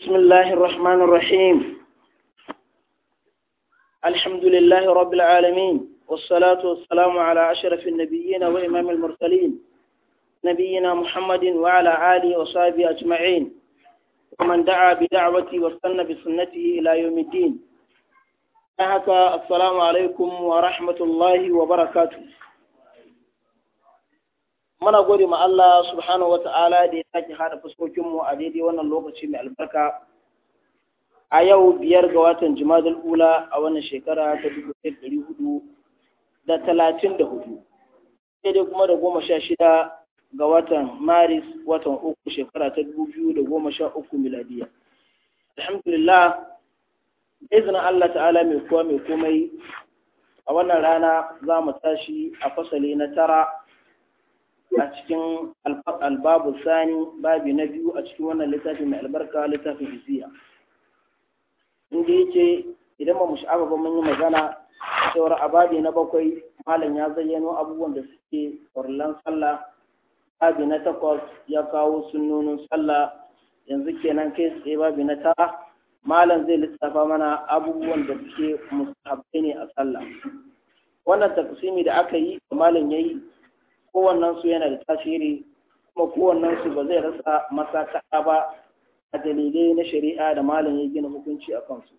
بسم الله الرحمن الرحيم الحمد لله رب العالمين والصلاة والسلام على أشرف النبيين وإمام المرسلين نبينا محمد وعلى آله وصحبه أجمعين ومن دعا بدعوتي واستنى بسنته إلى يوم الدين السلام عليكم ورحمة الله وبركاته muna gode ma Allah subhanahu ta'ala da ya sake hada fuskokinmu a daidai wannan lokaci mai albarka a yau biyar ga watan jumadal ula a wannan shekara ta dubu ɗari hudu da talatin da hudu daidai kuma da goma sha shida ga watan maris watan uku shekara ta dubu biyu da goma sha uku miladiya alhamdulillah izinin Allah ta'ala mai kowa mai komai a wannan rana za mu tashi a fasali na tara a cikin albabu sani babi na biyu a cikin wannan littafi mai albarka littafin isiya inda yake idan ba mu sha'aba ba mun yi magana cewar a babi na bakwai malam ya zayyano abubuwan da suke farlan sallah babi na takwas ya kawo sunnonin sallah yanzu kenan kai tsaye babi na tara malam zai lissafa mana abubuwan da suke musahabbai ne a sallah wannan taksimi da aka yi malam ya yi kowannen su yana da tasiri kuma kowannen su ba zai rasa masaka ba a dalilai na shari'a da malam ya gina hukunci a kansu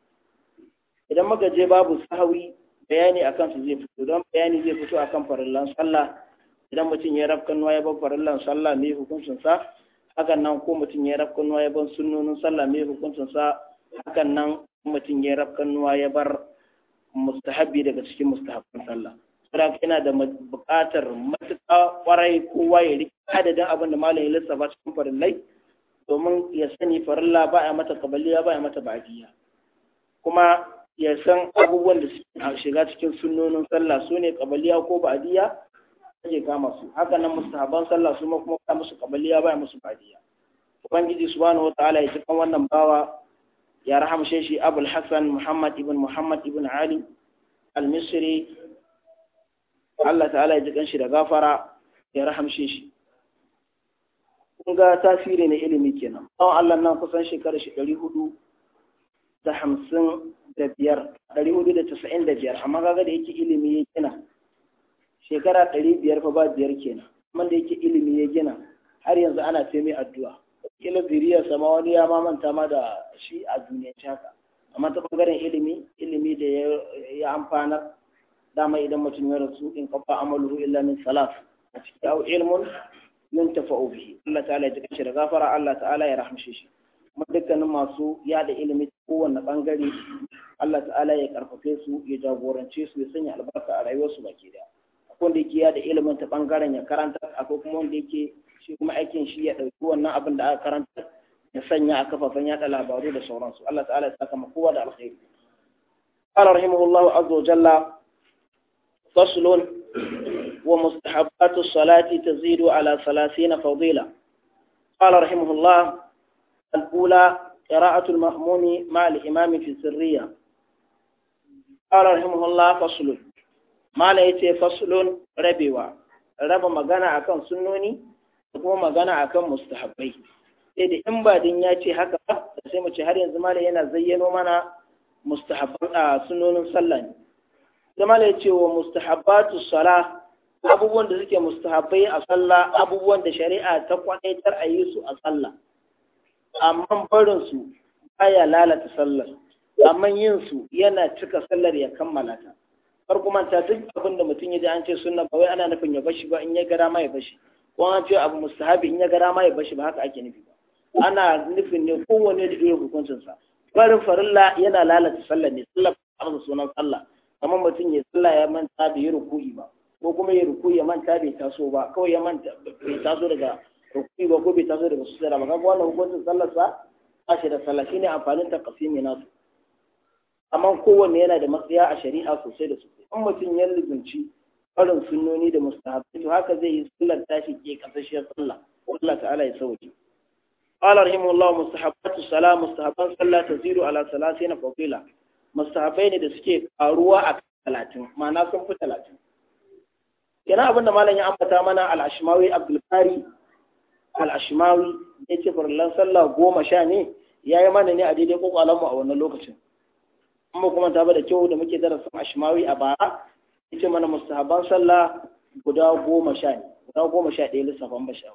idan muka je babu sahawi bayani a kansu zai fito don bayani zai fito a kan farillan sallah idan mutum ya nuwa ya bar farillan sallah mai hukuncinsa hakan nan ko mutum ya nuwa ya bar sunnonin sallah mai hukuncinsa hakan nan mutum ya nuwa ya bar mustahabi daga cikin mustahabban sallah saboda yana da buƙatar matuƙa ƙwarai kowa ya riƙe adadin abin da malam ya lissafa cikin farillai domin ya sani farilla ba a mata kabaliya ba a mata ba'diya kuma ya san abubuwan da suke shiga cikin sunnonin sallah su ne kabaliya ko ba'diya ake kama su haka nan mustahaban sallah su ma kuma ba musu kabaliya ba musu ba'diya ubangiji subhanahu wataala ya cikin wannan bawa ya rahamshe shi abul hasan muhammad ibn muhammad ibn ali al-misri Allah ta'ala ya ji kanshi da gafara ya rahamshe shi kun ga tasiri na ilimi kenan tsawon Allah nan kusan shekarar shi ɗari hudu da hamsin da biyar ɗari hudu da tasa'in da biyar amma kaga da yake ilimi ya gina shekara ɗari biyar fa ba biyar kenan amma da yake ilimi ya gina har yanzu ana ta mai addu'a kila zuriyarsa sama wani ya mamanta ma da shi a duniya haka amma ta ɓangaren ilimi ilimi da ya amfanar dama idan mutum ya rasu in kafa amaluhu illa min salaf a ciki au ilmun yuntafa'u bihi Allah ta'ala ya tukashi da gafara Allah ta'ala ya rahmshe shi kuma dukkanin masu yada ilimi kowanne bangare Allah ta'ala ya karfafe su ya jagorance su ya sanya albarka a rayuwarsu baki da. akwai wanda yake yada ilimin ta bangaren ya karanta akwai kuma wanda yake shi kuma aikin shi ya dauki wannan abin da aka karanta ya sanya a kafafen yada labaru da sauransu Allah ta'ala ya saka kowa da alkhairi قال رحمه الله عز وجل فصل ومستحبات الصلاة تزيد على ثلاثين فضيلة قال رحمه الله الأولى قراءة المأموم مع الإمام في السرية قال رحمه الله فصل ما ليتي فصل ربوا رب مغانا أكن سنوني وكما مغانا أكن مستحبي sai in ba din ya ce haka ba sai mu ce har yanzu malai yana zayyano mana mustahabban a sunonin sallah ne zama ya ce wa mustahabbatu sala abubuwan da suke mustahabbai a sallah abubuwan da shari'a ta kwanaitar a yi su a sallah amma barin su baya lalata sallar amma yin su yana cika sallar ya kammala ta har kuma ta duk abin da mutum ya ji an ce sunna ba wai ana nufin ya bashi ba in ya gara ma ya bashi ko an ce abu mustahabi in ya gara ma ya bashi ba haka ake nufi ana nufin ne kowane da iya hukuncinsa barin farilla yana lalata sallar ne sallar ba a sunan sallah amma mutum ya sallah ya manta bai ya rukuyi ba ko kuma ya rukuyi ya manta bai taso ba kawai ya manta bai taso daga rukuyi ba ko bai taso daga sujjada ba kaga wannan hukuncin sallar sa ba shi da sallah shine amfanin taqsimi nasu amma kowanne yana da matsaya a shari'a sosai da sosai in mutum ya lubunci farin sunnoni da mustahabbi to haka zai yi sallar tashi ke kasashiyar sallah Allah ta'ala ya sauke قال رحمه الله مستحبات الصلاة مستحبات الصلاة تزيد على ثلاثين فضيلة mustahabai ne da suke karuwa a talatin ma'ana sun fi talatin yana abin da malam ya ambata mana al'ashimawi abdulkari al'ashimawi ya ce farallan sallah goma sha ne ya yi mana ne a daidai kwakwalanmu a wannan lokacin amma kuma ta da kyau da muke darasin ashimawi a bara ya ce mana mustahaban sallah guda goma sha ne guda goma sha ɗaya lissafan ba sha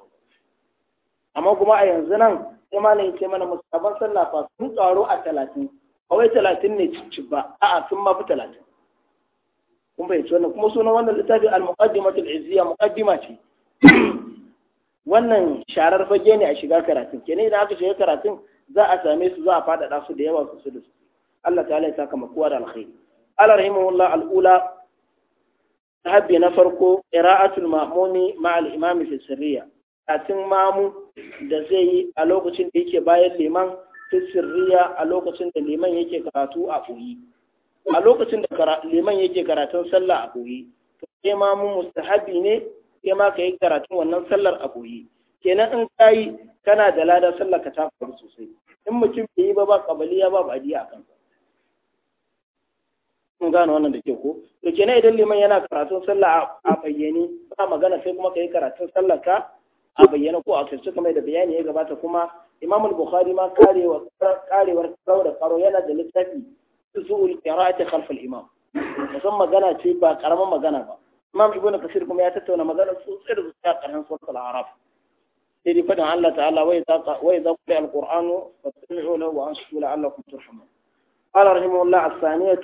amma kuma a yanzu nan sai malam ya ce mana mustahaban sallah fa sun karo a talatin a talatin ne cicci ba a'a sun mafi talatin kun fahimci wannan kuma sunan wannan littafin al al izziya muqaddima ce wannan sharar fage ne a shiga karatun kenan idan aka shiga karatun za a same su za a fadada su da yawa su su da su Allah ta'ala ya saka makuwa da alkhairi Allah rahimahullah al'ula sahabbi na farko qira'atul ma'mumi ma'al imami fi sirriya karatun mamu da zai yi a lokacin da yake bayan liman ta sirriya a lokacin da liman yake karatu a ɓoye a lokacin da liman yake karatun sallah a ƙoyi, to kai ma mu mustahabi ne kai ma ka yi karatun wannan sallar a ƙoyi, kenan in ka yi kana da ladar sallar ka ta faru sosai in mutum bai yi ba ba kabaliya ba badiya a kansa kun gane wannan da ke ko to kenan idan liman yana karatun sallah a bayyane ba magana sai kuma ka yi karatun sallar ka a bayyane ko a kirce kamar da bayani ya gabata kuma إمام البخاري ما قال قال كاري وكاري وكاري قارو ينا جلتاكي تسوء القراءة خلف الإمام ثم مغانا تيبا كرام مغانا با إمام ابن قصيركم ياتتونا مغانا سوصير بسياق عن سورة الأعراف سيدي فدع الله تعالى وإذا قلع القرآن فاتمعوا له وأنشفوا لعلكم ترحمون قال رحمه الله الثانية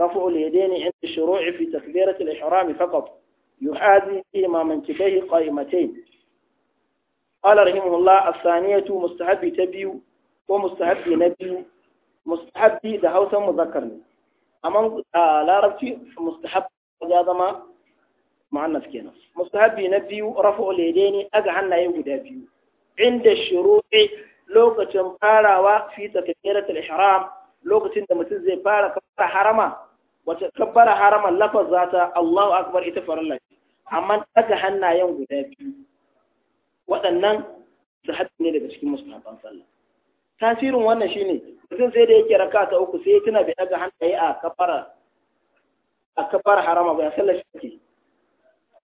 رفع اليدين عند الشروع في تكبيرة الإحرام فقط يحاذي إمام انتباه قائمتين قال رحمه الله الثانية مستحب تبيو ومستحب نبيو مستحب ده هوسا مذكر أما لا ربتي مستحب هذا ما معنى كينا مستحب نبيو رفع اليدين أجعلنا يوجد بيو عند الشروع لوكة فاروا في تكبيرة الإحرام لوكة متزي فارا كبار حرما وتكبر حرما لفظ ذاتا الله أكبر إتفر الله أما أجعلنا يوجد بيو waɗannan su haɗu ne daga cikin musulman sallah tasirin wannan shine mutum sai da yake raka ta uku sai tuna bai daga hannaye a kafara a kafara harama ba ya sallar shi ke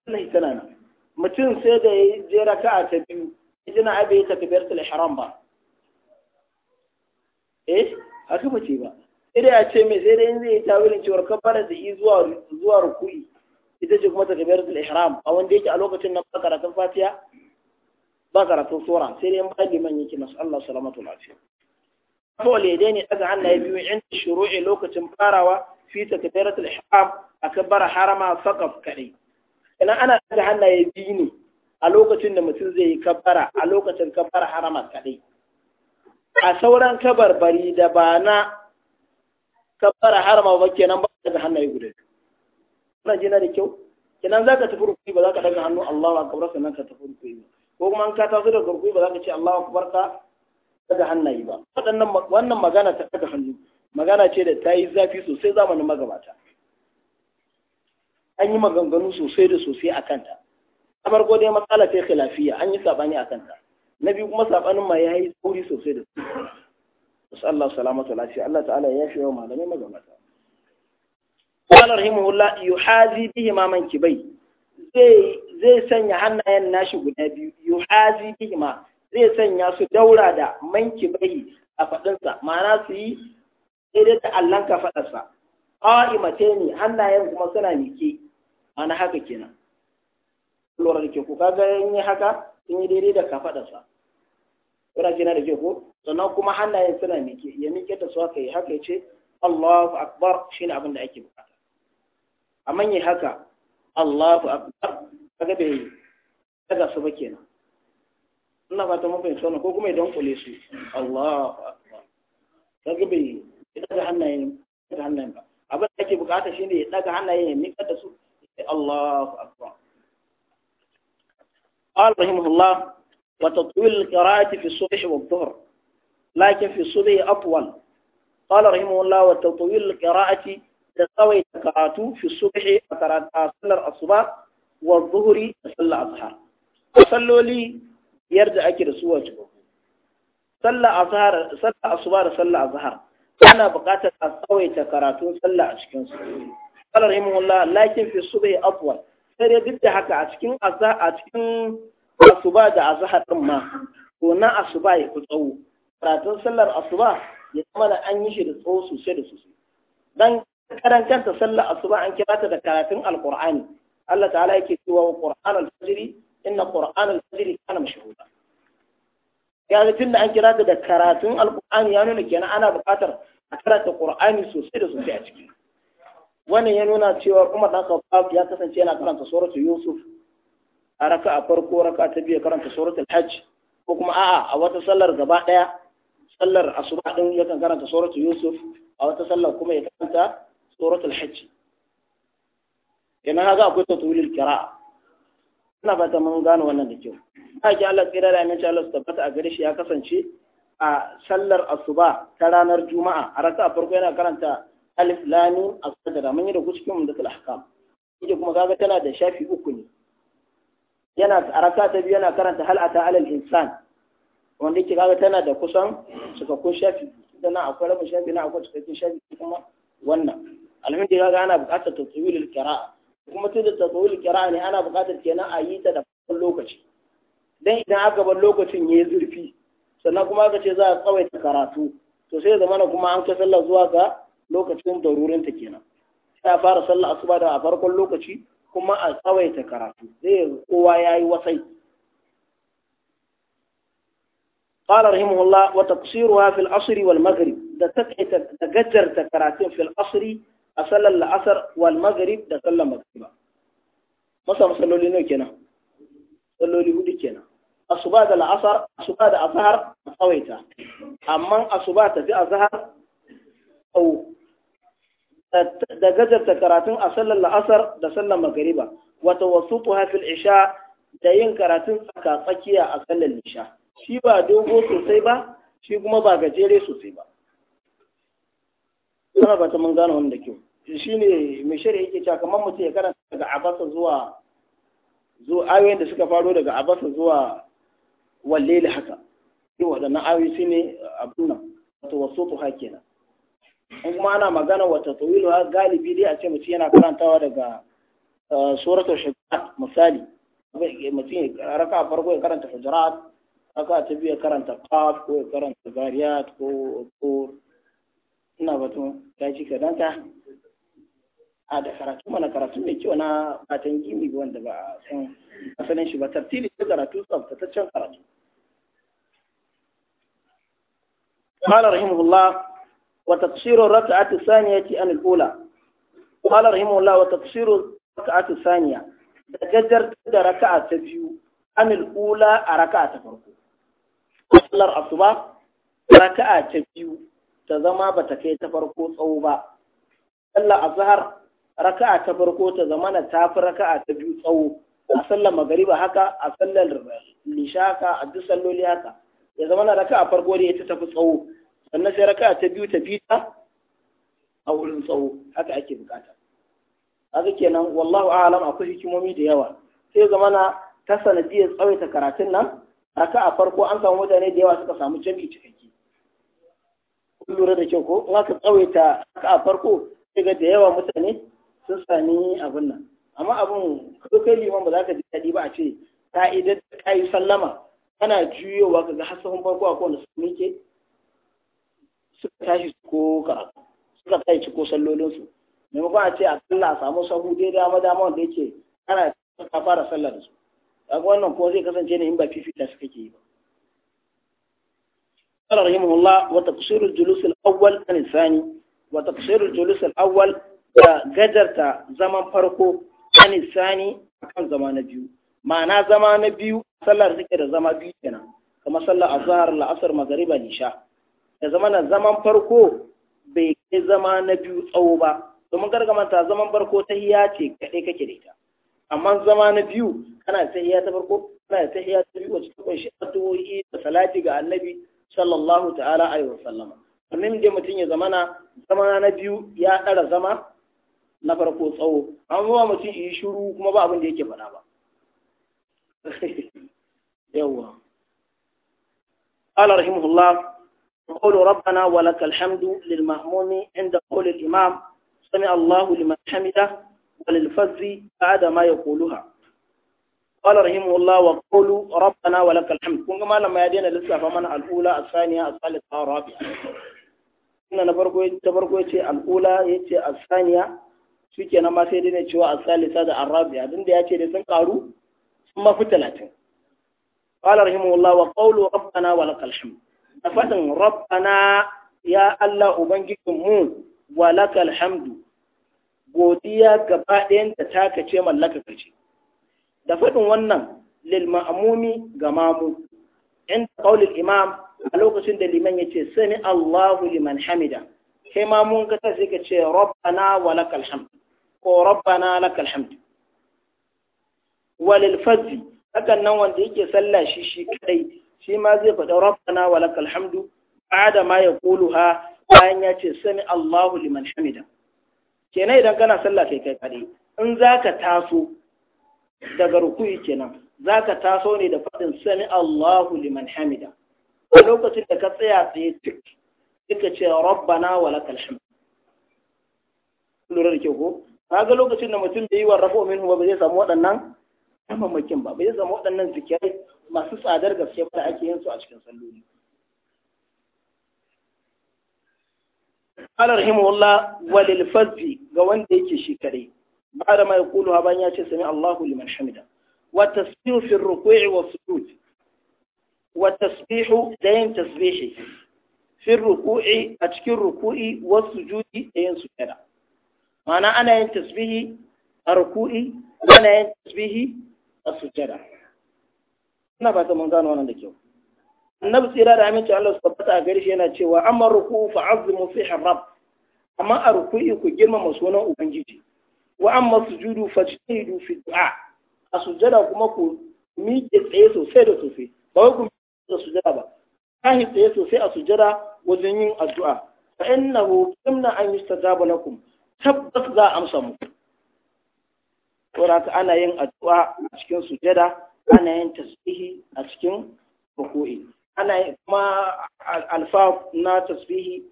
wannan tana nan mutum sai da ya je raka ta biyu ya tuna ai bai takbiratul haram ba eh a ba ce ba idan ya ce mai sai da zai yi tawilin cewar kafara da yi zuwa zuwa rukui ita ce kuma takbiratul ihram a wanda yake a lokacin nan ba karatun Fatiya? ba karatun sura sai dai mai man yake masu Allah salamatu lafiya le yadda ne daga Allah ya biyu in shuru'i lokacin farawa fi takbiratul ihram akbara harama faqaf kadai idan ana daga Allah ya biyu ne a lokacin da mutum zai yi kabbara a lokacin kabbara harama kadai a sauran bari da ba na kabbara harama ba kenan ba daga hannaye guda biyu kuna jina da kyau kenan zaka tafi rukuni ba zaka daga hannu Allahu akbar sannan ka tafi rukuni ba ko kuma an ka taso da gurgu ba za ka ce Allahu akbar ka daga hannaye ba waɗannan wannan magana ta daga hannu magana ce da ta yi zafi sosai zamanin magabata an yi maganganu sosai da sosai a kanta kamar farko matsala ta khilafiya an yi sabani a kanta na biyu kuma sabanin ma ya yi tsauri sosai da sosai Allah salamata lafiya Allah ta'ala ya fi yawa malamai magabata قال رحمه الله يحاذي بهما kibai. zai sanya hannayen nashi guda biyu hazi bihima zai sanya su daura da manki bai a faɗinsa ma'ana su yi daidai da allon ka faɗarsa ƙa'imate ne hannayen kuma suna mike mana haka kenan lura da ke ku kaga yin haka sun yi daidai da ka faɗarsa kuna gina da ke ku sannan kuma hannayen suna mike ya mike da su haka yi haka ya ce Allahu Akbar shine abin da ake bukata amma yi haka الله أكبر هذا هي هذا سبكينا لا فاتم كوكم يدون بوليسي الله أكبر هذا بي إذا جهنا يم إذا جهنا يم شيني إذا جهنا يم مين كده سو الله أكبر قال رحمه الله وتطويل القراءة في الصبح والظهر لكن في الصبح أطول قال رحمه الله وتطويل القراءة da tsawai ta karatu fi subhi a sallar asuba wa zuhuri da sallar azhar salloli biyar da ake da su wa jima'a sallar asuba da sallar azhar ana buƙatar a tsawaita karatun sallar a cikin su qala rahimahullah lakin fi subhi afwal sai dai duk da haka a cikin azza a cikin asuba da azhar din ma ko na asuba ya fi tsawo karatun sallar asuba ya zama da an yi shi da tsawo sosai da sosai dan karan ta sallar asuba an kira ta da karatun alqur'ani Allah ta'ala yake cewa wa qur'an al inna qur'an al-fajr kana mashhuda ya tun da an kira ta da karatun alqur'ani ya nuna kenan ana buƙatar a karanta qur'ani sosai da sosai a ciki wannan ya nuna cewa Umar dan Khattab ya kasance yana karanta suratul Yusuf a raka'a farko Raka ta biyu karanta suratul Hajj ko kuma a'a a wata sallar gaba daya sallar asuba din yakan karanta suratul Yusuf a wata sallar kuma ya karanta سورة الحج إنها ذا akwai tatwilul الكراء أنا fata mun gano wannan da kyau haka Allah tsira da aminci Allah su tabbata a gare shi ya kasance a sallar asuba ta ranar juma'a a raka'a farko yana karanta alif lam mim as mun yi da cikin umdatul kuma tana da shafi uku ne yana a ta biyu yana karanta hal ata alal insan wanda yake kaga tana da kusan cikakkun shafi sannan akwai rabin shafi na akwai cikakken shafi kuma wannan alhamdu kaga ana buƙatar tatawilul qira'a kuma tunda da tatawilul ne ana buƙatar kenan a yi ta da lokaci dan idan aka bar lokacin yayi zurfi sannan kuma aka ce za a tsawaita karatu to sai zamana kuma an kai sallah zuwa ga lokacin ta kenan sai a fara sallah asuba da a farkon lokaci kuma a tsawaita karatu sai kowa yayi wasai قال رحمه الله وتقصيرها في العصر والمغرب ده تقعت تجدر تكراتين في العصر a sallar la'asar wal maghrib da sallar magriba masa masalloli nawa kenan salloli hudu kenan asuba da la'asar asuba da azhar a tsawaita amma asuba tafi azhar au da gajarta karatun a sallar la'asar da sallar magariba wata wasu fil isha da yin karatun tsaka tsakiya a sallar isha shi ba dogo sosai ba shi kuma ba gajere sosai ba suna ba ta mun gane wanda kyau shi ne mai shari'a yake cewa kamar mutu ya karanta daga abasa zuwa zuwa ayoyin da suka faro daga abasa zuwa wallele haka yi waɗannan ayoyi su ne abin nan wato wasu tuha kenan in kuma ana magana wata tawilu galibi dai a ce mutum yana karantawa daga eh, suratul shujarat misali mutum ya raka farko ya karanta hujurat raka ta biyu ya karanta kaf ko ya karanta zariyat ko ina batun ya ji ka danta a da karatu mana karatu mai kyau na fatan gini wanda ba a san asalin shi ba tartili ta karatu tsaftataccen karatu قال رحمه الله وتقصير الركعة الثانية عن الأولى قال رحمه الله وتقصير الركعة الثانية تجدر ركعة تبيو عن الأولى ركعة فرقو صلى الصباح ركعة تبيو ta zama ba ta kai ta farko tsawo ba sallar azhar raka'a ta farko ta zama na tafi raka'a ta biyu tsawo a sallar magariba haka a sallar lisha haka a duk salloli haka ya zama na raka'a farko da ita tafi tsawo sannan sai raka'a ta biyu ta bi ta a wurin tsawo haka ake bukata haka kenan wallahu a'lam akwai hikimomi da yawa sai zama na ta sanadiyar tsawaita karatun nan raka'a farko an samu mutane da yawa suka samu jami'i cikakke lura da kyau ko in aka tsawaita haka a farko sai ga da yawa mutane sun sami abin nan amma abin ko kai liman ba za ka ji daɗi ba a ce ta idan ka yi sallama kana juyowa ka ga hasahun farko a kowane su mike suka tashi ko ka suka tashi ko sallolinsu maimakon a ce a kalla a samu sahu daidai dama dama wanda yake ana ta fara sallar su kaga wannan ko zai kasance ne in ba fifita suka ke yi ba قال رحمه الله وتقصير الجلوس الأول عن الثاني وتقصير الجلوس الأول جدرت زمن فرقه عن الثاني كان زمان بيو معنى زمان بيو صلى ذكر زمان بيو كنا كما صلى الظهر العصر مغرب العشاء زمان زمان bai kai zama na biyu tsawo ba domin gargamanta zaman farko ta hiya ce kaɗai kake da ita amma zama na biyu kana da ta hiya ta farko kana da ta hiya ta biyu wacce ta kunshi addu'o'i da salati ga annabi sallallahu ta'ala alaihi wa sallama annabi mutum ya zamana zama na biyu ya ɗara zama na farko tsawo amma mutum yi shiru kuma ba abin da yake faɗa ba yawwa قال رحمه الله وقول ربنا ولك الحمد للمهموم عند قول الإمام سمع الله لمن حمده وللفز بعد ما يقولها قال رحمه الله daina ربنا ولك الحمد كون ما لما يدينا لسه فمن الأولى الثانية الثالثة الرابعة إن نبرقو تبرقو يتي الأولى يتي الثانية suke na ma sai dai ne cewa asalisa da arabiya din da ya ce da sun karu sun mafi talatin qala rahimahullah wa qawlu rabbana wa lakal hamd da fadin rabbana ya allah ubangijin mu wa lakal hamdu godiya gaba ɗayan ta taka ce mallaka kace da faɗin wannan lil ma'amumi ga mamu in ƙaunin imam a lokacin da liman ya ce sani Allahu liman hamida kai mamun mun ka sai ka ce rabbana wa lakal hamd ko rabbana lakal hamd lil fajr hakan nan wanda yake sallah shi shi kadai shi ma zai faɗa rabbana wa lakal hamdu ba'da ma ha bayan ya ce sani Allahu liman hamida kenan idan kana sallah kai kai kadai in zaka taso daga ruku'i kenan zaka taso ne da faɗin sami Allahu liman hamida a lokacin da ka tsaya tsaye tik duka ce rabbana wa lakal hamd lura da ke ko kaga lokacin da mutum da yi wa rafa minhu ba zai samu waɗannan tamamakin ba bai samu waɗannan zikirai masu tsadar gaske ba da ake yin su a cikin salloli قال رحمه الله وللفذ ga wanda yake shi kare ba'da ma yaqulu bayan ya ce sami Allahu liman hamida wa tasbihu fi ruku'i wa sujud wa tasbihu da yin tasbihi fi ruku'i a cikin ruku'i wa sujudi da yin sujada ma'ana ana tasbihi a ruku'i ana tasbihi a sujada ina ba ta mun gano da kyau annabi tsira da aminci Allah su tabbata a shi yana cewa amma ruku fa azimu fi amma a ruku'i ku girmama sunan ubangiji wa amma sujudu fajtahidu fi du'a a sujada kuma ku miƙe tsaye sosai da sosai ba wai ku da sujada ba tahi tsaye sosai a sujada wajen yin addu'a fa innahu kimna an yustajaba lakum tabbas za a amsa mu. saboda ana yin addu'a a cikin sujada ana yin tasbihi a cikin ruku'i ana yin kuma alfa na tasbihi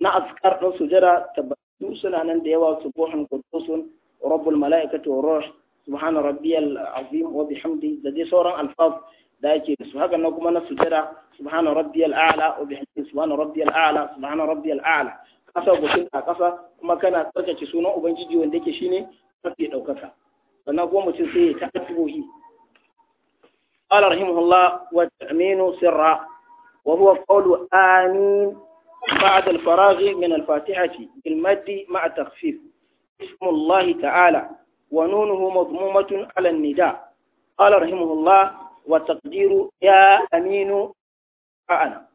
na azkar din sujada tabbatu suna nan da yawa su bohan kudusun رب الملائكة والروح سبحان ربي العظيم وبحمده ذي سورة الفاظ da yake da su haka nan kuma na sujada subhana rabbiyal a'la wa bihamdihi subhana rabbiyal a'la subhana rabbiyal a'la kasa gushin a kasa kuma kana tsarkake sunan ubangiji wanda yake shine mafi daukaka sannan kuma mutum sai rahimahullah wa sirra wa huwa qawlu amin بعد الفراغ من الفاتحة بالمد مع التخفيف اسم الله تعالى ونونه مضمومة على النداء قال رحمه الله وتقدير يا أمين أنا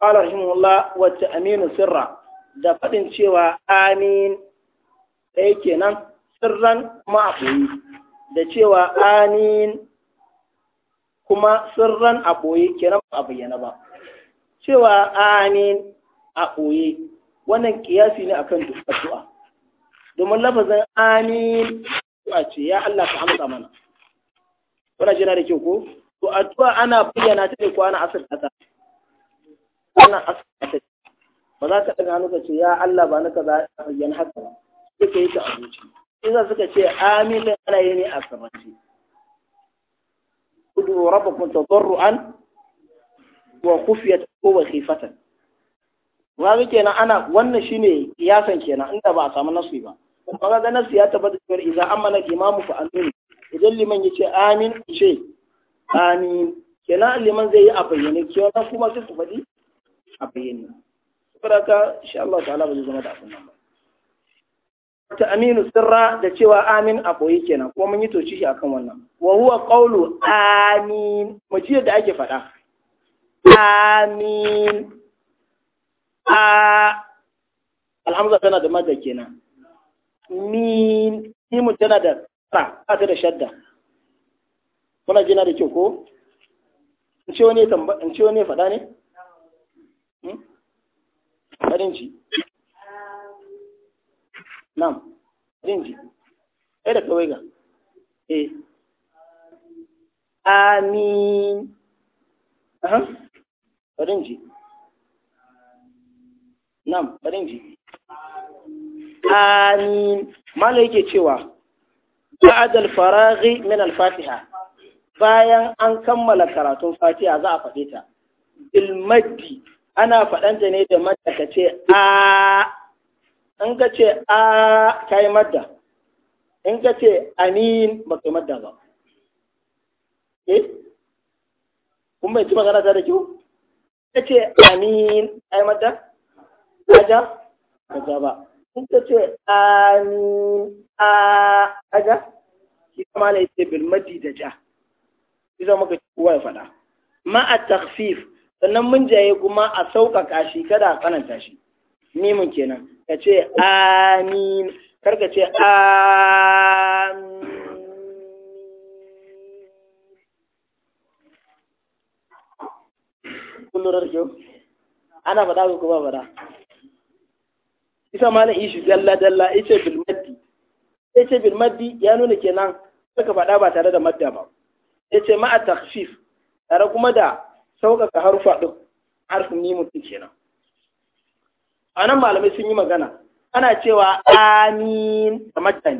قال رحمه الله وتأمين سرا دفت faɗin آمين amin ɗaya kenan sirran da cewa amin kuma sirran a ɓoye kenan ba a bayyana ba cewa amin a ɓoye wannan ƙiyasi ne akan addu'a domin lafazin amin a ce ya Allah ka amsa mana wannan jina da kyau ko to addu'a ana bayyana ta ne ko ana asir ta ana asir ta ba za ka daga hannu ka ce ya Allah ba na kaza bayyana haka ba suka yi ta abinci idan suka ce amin din ana yi ne a sabanci udu rabbakum an wa khufyat wa khifatan wa kenan ana wannan shine kiyasan kenan inda ba a samu nasu ba kuma ga nasu ya tabbata cewa idan amana imamu fa amin idan liman yace amin ce amin kenan liman zai yi a bayyane kenan kuma sai ku faɗi a bayyane saboda insha Allah ta'ala ba zai zama da abin nan ta aminu sirra da cewa amin a koyi kenan kuma mun yi toci shi akan wannan wa huwa qawlu amin mujiyar da ake faɗa amin a alhamdulillah tana da madda kenan min himun tana da sa ba ta da shadda kuna jina da kyau ko in ce wani in ce wani faɗa ne faɗin hmm? ji nam faɗin ji ɗaya da kawai ga eh amin aha ji nam faɗin ji amin mala yake cewa ba'ad al-faraghi min al-fatiha bayan an kammala karatun fatiha za a faɗe ta ilmaddi ana faɗanta ne da madda ka ce a in ka ce a ka yi madda in ka ce amin ba ka madda ba eh kun bai ci magana ta da kyau ka ce amin ka yi madda ka ja ka ba in ce amin a aja shi kama na yace bil madi da ja shi zama ka kowa ya faɗa ma a takhfif sannan mun jaye kuma a sauƙaƙa shi kada a tsananta shi mimin kenan ka ce amin kar ka ce amin kullurar kyau ana faɗa ko ba faɗa isa malam ishi dalla dalla ita bil maddi ita bil maddi ya nuna kenan suka faɗa ba tare da madda ba yace ma a takhfif tare kuma da sauƙaƙa harfa din harfin mimun din kenan anan malamai sun yi magana ana cewa amin da madda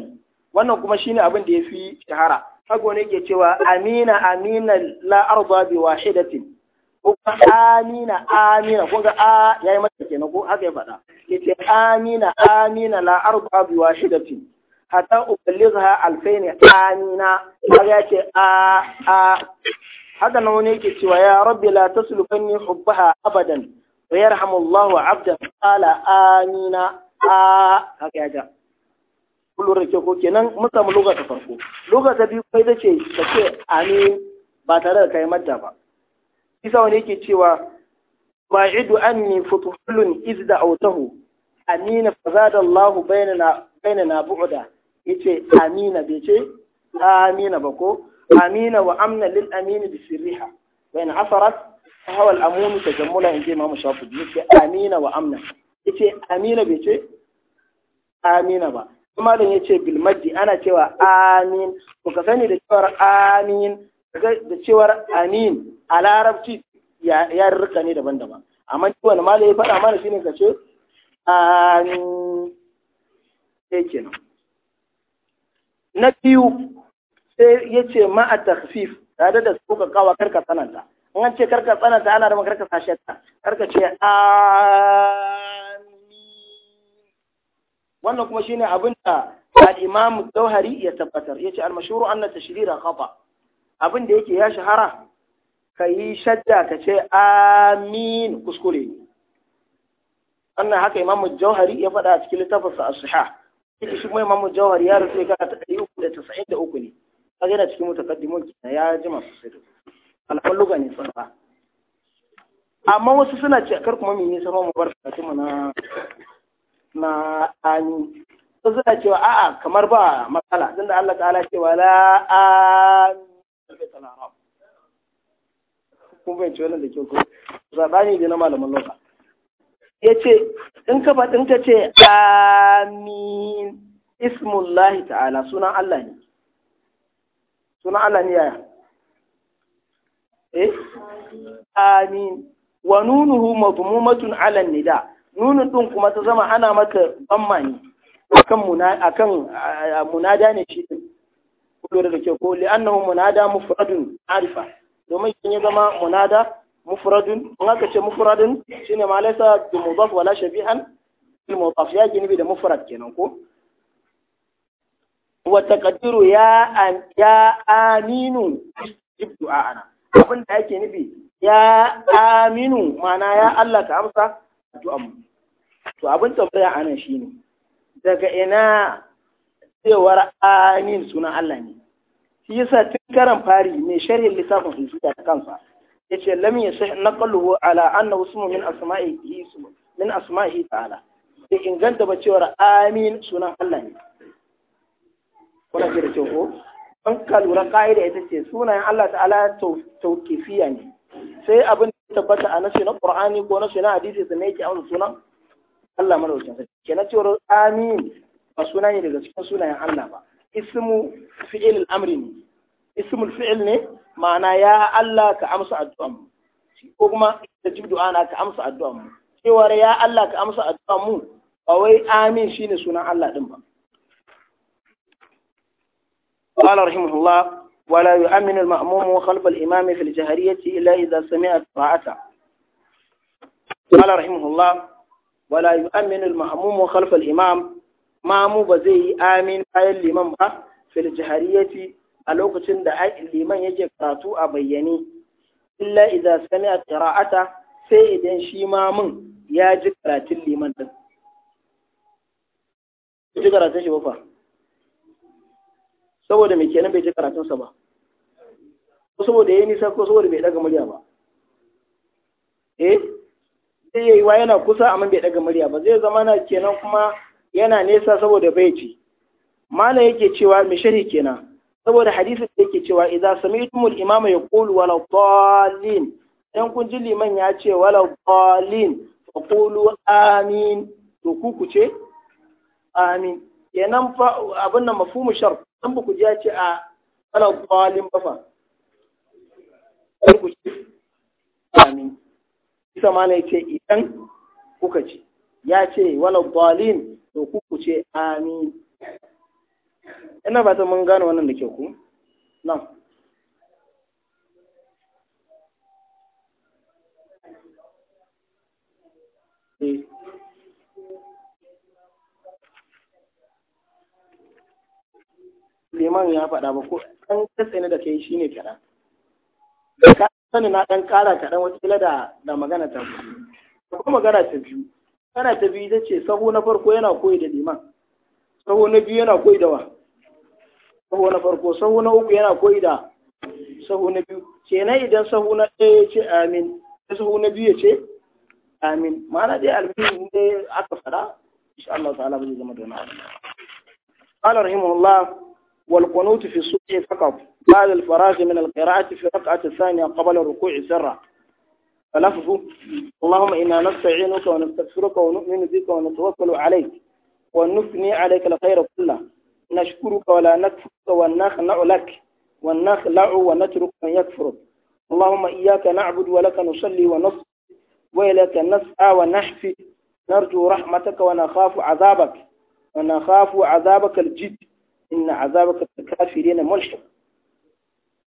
wannan kuma shine abin da ya fi shahara hago ne ke cewa amina amina la arda bi wahidatin ko amina amina ko ga a yayi mata kenan ko haka ya faɗa yace amina amina la arba bi washidatin hatta uballigha alfain amina kaga yace a a haka nan wani yake cewa ya rabbi la taslukanni hubbaha abadan wa yarhamullahu abdan qala amina a haka yaga kullu rake ko kenan mun samu farko lugha biyu kai tace kace amin ba tare da kai mata ba isa wani yake cewa ma'idu anni futuhulun izda autahu amina fa fazada Allah bainana bainana bu'da yace amina bai ce amina ba ko amina wa amna lil amin bi sirriha wa in asarat hawa al amun tajammula inji imam Shafi yace amina wa amna yace amina bai ce amina ba Kuma malam yace bil maddi ana cewa amin ko ka sani da cewa amin da cewar amin a larabci ya rika ne daban-daban amma wani mala ya faɗa mana shi ne kace an kenan na biyu sai ya ce ma a tafif tare da suka kawa karka tsananta in an ce karka tsananta ana rama karka sashe ta karka ce wannan kuma shine abin da al-imam Dawhari ya tabbatar yace al-mashhur anna tashrira kafa abin da yake ya shahara ka yi shadda ka ce amin kuskure ne haka imamu jauhari ya faɗa a cikin littafinsa a suha cikin shi mai imamu jauhari ya rasu ya ta ɗari uku da tasa'in da uku ne kaga yana cikin mutakaddimun kina ya jima sosai da alfan luga ne ba amma wasu suna ce kar kuma mene sama mu bar mu na na ani suna cewa a'a kamar ba matsala tunda Allah ta'ala cewa la amin kun fahimci wannan da kyau ko zaɓa ne na malamin lauka ya ce in ka faɗin ka ce amin ismullahi ta'ala sunan Allah ne sunan Allah ne yaya eh amin wa nunuhu madmumatun ala nida nunun din kuma ta zama ana mata bamma ne akan munada ne shi din Ko da ke ko li'annahu munada mufradun arifa domin kin ya zama munada mufradun in aka ce mufradun shine ma laysa bi mudaf wala shabihan bi mudaf ya gini da mufrad kenan ko wa taqdiru ya an ya aminu jibtu ana abin da yake nufi ya aminu mana ya Allah ka amsa addu'a mu to abin tambaya anan shine daga ina cewar amin sunan Allah ne shi yasa tun karan fari mai sharhin littafin hizbiya da kansa Ya ce lamin ya sai na kalluwa ala annahu ismu min asma'ihi min asma'ihi ta'ala bai inganta ba cewar amin sunan Allah ne kuna ji da cewa ko an ka lura ka'ida ita ce sunayen Allah ta'ala taukifiya ne sai abin da ya tabbata a nashi na Ƙur'ani ko nashi na hadisi sun ne yake amsa sunan Allah madaukakin sarki kenan cewar amin ba suna ne daga cikin sunayen Allah ba ismu fi'il amri ne ismul fi'il ne ma'ana ya Allah ka amsa addu'an mu ko kuma jibdu ana ka amsa addu'an mu cewar ya Allah ka amsa addu'an mu ba wai amin shine sunan Allah din ba قال رحمه الله ولا يؤمن المأموم خلف الإمام في الجهرية إلا إذا سمع طاعته قال رحمه الله ولا يؤمن المأموم خلف الإمام mamu ba zai yi amin bayan liman ba fil jahariyati a lokacin da liman yake karatu a bayyane illa idza sami'a qira'ata sai idan shi mamun ya ji karatun liman din ji karatun shi ba fa saboda me kenan bai ji sa ba ko saboda yayi nisa ko saboda bai daga murya ba eh sai yayi wa yana kusa amma bai daga murya ba zai zama na kenan kuma yana nesa saboda bai ji malam yake cewa mishari kenan saboda hadisi da yake cewa sami sami'tumul imama yaqulu wala dallin dan kun ji liman ya ce wala dallin fa qulu amin to ku ku ce amin kenan fa abin nan mafhumu shar dan ku ji ya ce a wala dallin ba fa ku ce amin isa malam yake idan kuka ce ya ce wala dallin ce amin ina ba ta mun gano wannan da ke ku nan eh. liman ya faɗa ba ko ɗan katsini da kai ne kaɗan ka sani na ɗan ƙara kaɗan wata ila da magana ta biyu ko magana ta biyu kana ta biyu ta ce sahu na farko yana koyi da liman sahu na biyu yana koyi da wa sahu na farko sahu na uku yana koyi da sahu na biyu na idan sahu na ɗaya ya ce amin sahu na biyu ya ce amin ma'ana dai alfihin ne aka fara insha Allah ta'ala ba zai zama da wani قال رحمه الله والقنوت في السوق فقط بعد الفراغ من القراءة في الركعة الثانية قبل الركوع السرة فلفظه اللهم إنا نستعينك ونستغفرك ونؤمن بك ونتوكل عليك ونثني عليك الخير كله نشكرك ولا نكفرك ونخلع لك ونخلع ونترك من يكفرك اللهم إياك نعبد ولك نصلي ونصلي وإليك نسعى ونحفي نرجو رحمتك ونخاف عذابك ونخاف عذابك الجد إن عذابك الكافرين ملحق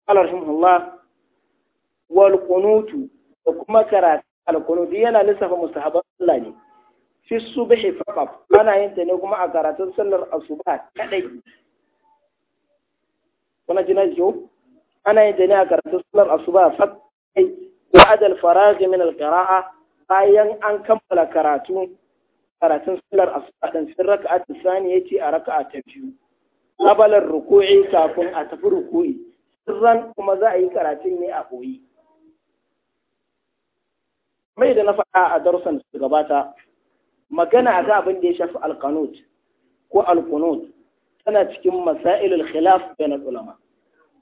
قال رحمه الله والقنوت da kuma karatu alkunuti yana lissafa mustahaban sallah ne fi subhi faqat ana yin ta ne kuma a karatun sallar asuba kadai kuna jina jiyo ana yin ta ne a karatun sallar asuba kadai ba'da al-faragh min al-qira'a bayan an kammala karatu karatun sallar asuba dan sun raka'a ta sani yace a raka'a ta biyu qabalar ruku'i kafin a tafi ruku'i sirran kuma za a yi karatun ne a boye mai da na faɗa a darussan su gabata magana a abin da ya shafi alkanut ko alkunut tana cikin masailul khilaf na ulama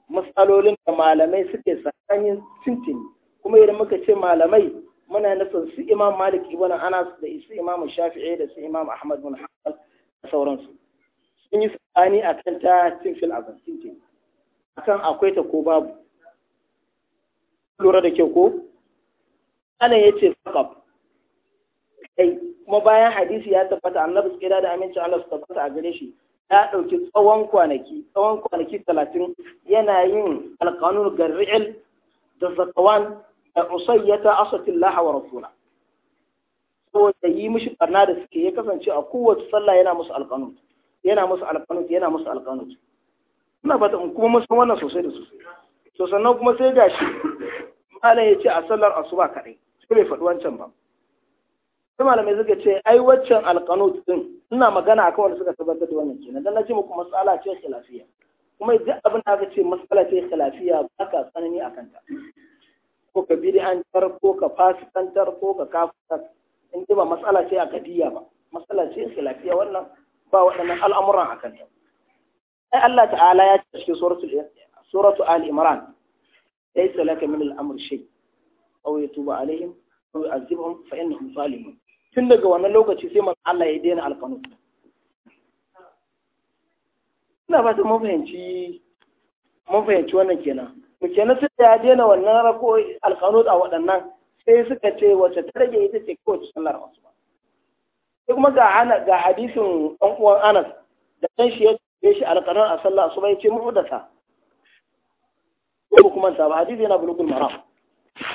matsalolin da malamai suke sakanin tuntuni kuma idan muka ce malamai muna nufin su imam malik ibn anas da su imam shafi'i da su imam ahmad bin hanbal da sauransu sun yi sani akan ta tinfil akan akwai ta ko babu lura da kyau ko ana ya ce fakab kai kuma bayan hadisi ya tabbata annabi tsira da aminci Allah su tabbata a gare shi ya ɗauki tsawon kwanaki tsawon kwanaki talatin yana yin alƙanun garri'il da zakawan da usayyata asatillah wa rasula saboda yi mishi barna da suke ya kasance a kowace sallah yana musu alqanun yana musu alqanun yana musu alqanun ina fata in kuma musu wannan sosai da sosai to sannan kuma sai gashi malam ya ce a sallar asuba kaɗai bai faɗi wancan ba sai malamai suka ce ai waccan alƙanut din ina magana akan wanda suka tabbatar da wannan kenan dan nace muku matsala ce khilafiyya kuma duk abin da aka ce matsala ce khilafiyya ba ka tsanani akan ta ko ka bid'antar ko ka fasikantar ko ka kafar in ba matsala ce akadiyya ba Matsala ce khilafiyya wannan ba waɗannan al'amuran akan ta ai Allah ta'ala ya ce cikin suratul suratu al-imran laysa laka min al-amr shay aw yatuba alaihim yu'azibhum fa innahum zalimun tun daga wannan lokaci sai man Allah ya daina alqanut ina ba ta fahimci mun fahimci wannan kenan mu kenan sai ya daina wannan rako alqanut a waɗannan sai suka ce wacce ta rage ita ce kowace sallar wasu ba sai kuma ga ana ga hadisin ɗan uwan Anas da dan shi ya ce shi alqanut a sallar asuba ya ce mu da ta ko kuma ta ba hadisi yana bulugul maram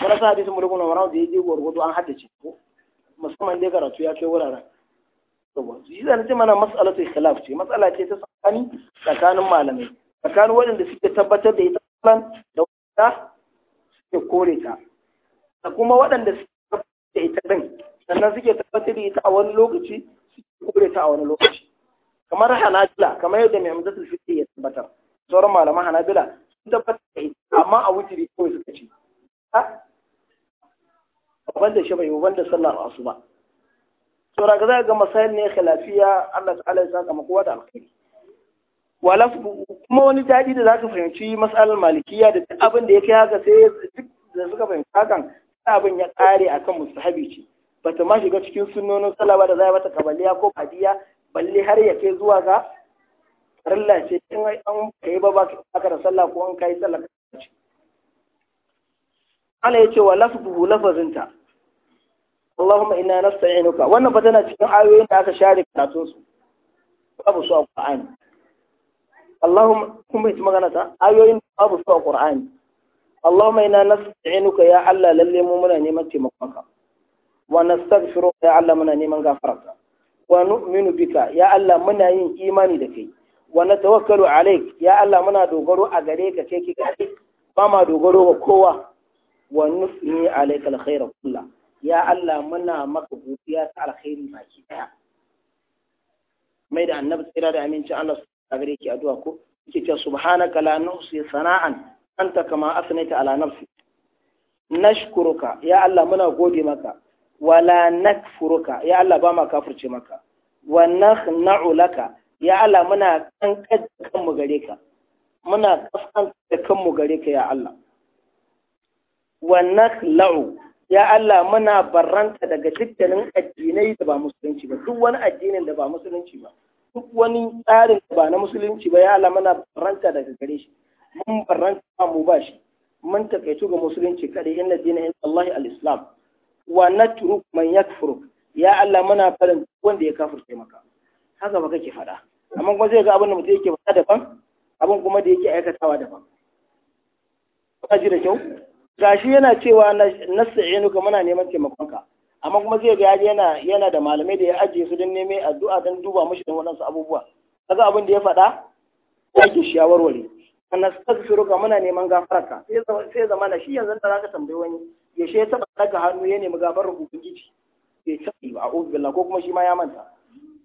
wani sa hadisin mulkin umara da ya je gwargwado an haddace ko musamman dai karatu ya kai wuraren yi zan ce mana mas'ala ta ikhtilaf ce matsala ce ta tsakani tsakanin malamai tsakanin waɗanda suke tabbatar da ita da wata suke kore ta da kuma waɗanda suke tabbatar da ita din sannan suke tabbatar da ita a wani lokaci suke kore ta a wani lokaci kamar hanabila kamar yadda mai amsa suke ya tabbatar sauran malaman hanabila sun tabbatar da ita amma a wutiri kawai suka ce ban da shi bai wanda sallar ba. to daga za ga masail ne khilafiya Allah ta'ala ya saka kowa da alkhairi wala kuma wani dadi da zaka fahimci mas'alar malikiya da duk abin da yake haka sai duk da suka fahimci hakan abin ya kare akan mustahabi ce ba ta ma shiga cikin sunnonin sallah ba da zai mata kabaliya ko fadiya balle har ya kai zuwa ga rilla ce in an kai ba baka da sallah ko an kai sallah ala ce wa lafzuhu lafazinta Allahumma inna nasta'inuka wannan fa tana cikin ayoyin da aka share karatun su babu su a Qur'ani Allahumma kun bai magana ta ayoyin babu su a Qur'ani Allahumma inna nasta'inuka ya Allah lalle mu muna neman taimakonka wa nastaghfiruka ya Allah muna neman gafararka wa nu'minu bika ya Allah muna yin imani da kai wa natawakkalu alayk ya Allah muna dogaro a gare ka kai kika ba ma dogaro ga kowa wa nusni alayka alkhaira kullu ya Allah muna maka godiya ta alkhairi baki daya mai da annabi tsira da aminci Allah su gare ki addu'a ko yake cewa subhanaka la nuhsi sana'an anta kama asnaita ala nafsi nashkuruka ya Allah muna gode maka wala nakfuruka ya Allah ba ma kafirce maka wa nakhna'u laka ya Allah muna kankan kanmu gare ka muna kaskantar da kanmu gare ka ya Allah wa la'u ya Allah muna barranta daga dukkanin addinai da ba musulunci ba duk wani addinin da ba musulunci ba duk wani tsarin da ba na musulunci ba ya Allah muna barranta daga gare shi mun barranta mu ba shi mun takaitu ga musulunci kada inna addinin in Allah al-islam wa natruk man yakfur ya Allah muna farin wanda ya kafirce maka haka ba kake faɗa amma kuma zai ga abin da mutum yake faɗa daban abin kuma da yake aikatawa daban ka ji da kyau gashi yana cewa na nuka muna neman taimakonka amma kuma zai ga yana yana da malamai da ya ajiye su don neme addu'a don duba mashi don waɗansu abubuwa kaga abin da ya faɗa ke shawarwari sannan ka muna neman gafararka sai zama na shi yanzu da ka tambayi wani ya ya taɓa daga hannu ya nemi gafarar ubangiji ya taɓa a ubillah ko kuma shi ma ya manta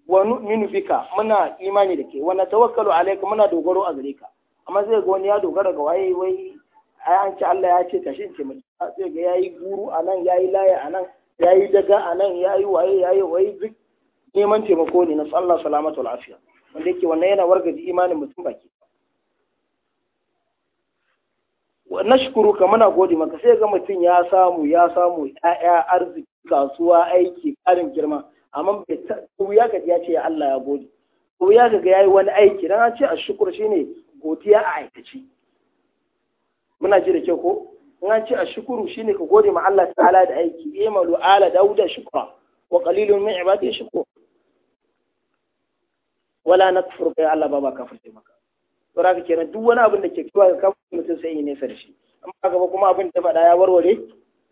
wa nu'minu bika muna imani da ke wa natawakkalu alayka muna dogaro a gare ka amma zai ga wani ya dogara ga waye wai ai an ci Allah ya ce ka shin ce mace sai ga yayi guru a nan yayi laye a nan yayi daga a nan yayi waye yayi waye duk neman taimako ne na Allah salamatu lafiya wanda yake wannan yana wargaji imanin mutum baki na shukuru ka muna gode maka sai ga mutum ya samu ya samu ya'ya arziki kasuwa aiki karin girma amma bai ta ya gaji ya ce ya Allah ya gode ko ya ga yayi wani aiki dan an ce a shi shine godiya a aikaci muna ji da kyau ko in an ce a shukuru shine ka gode ma Allah ta'ala da aiki imalu ala dauda shukra wa qalilun min ibadi shukur wala nakfur bi Allah baba ba kafirce maka to raka kenan duk wani abin da ke kiwa ka kafirce mutum sai yi nesa da shi amma gaba kuma abin da faɗa ya warware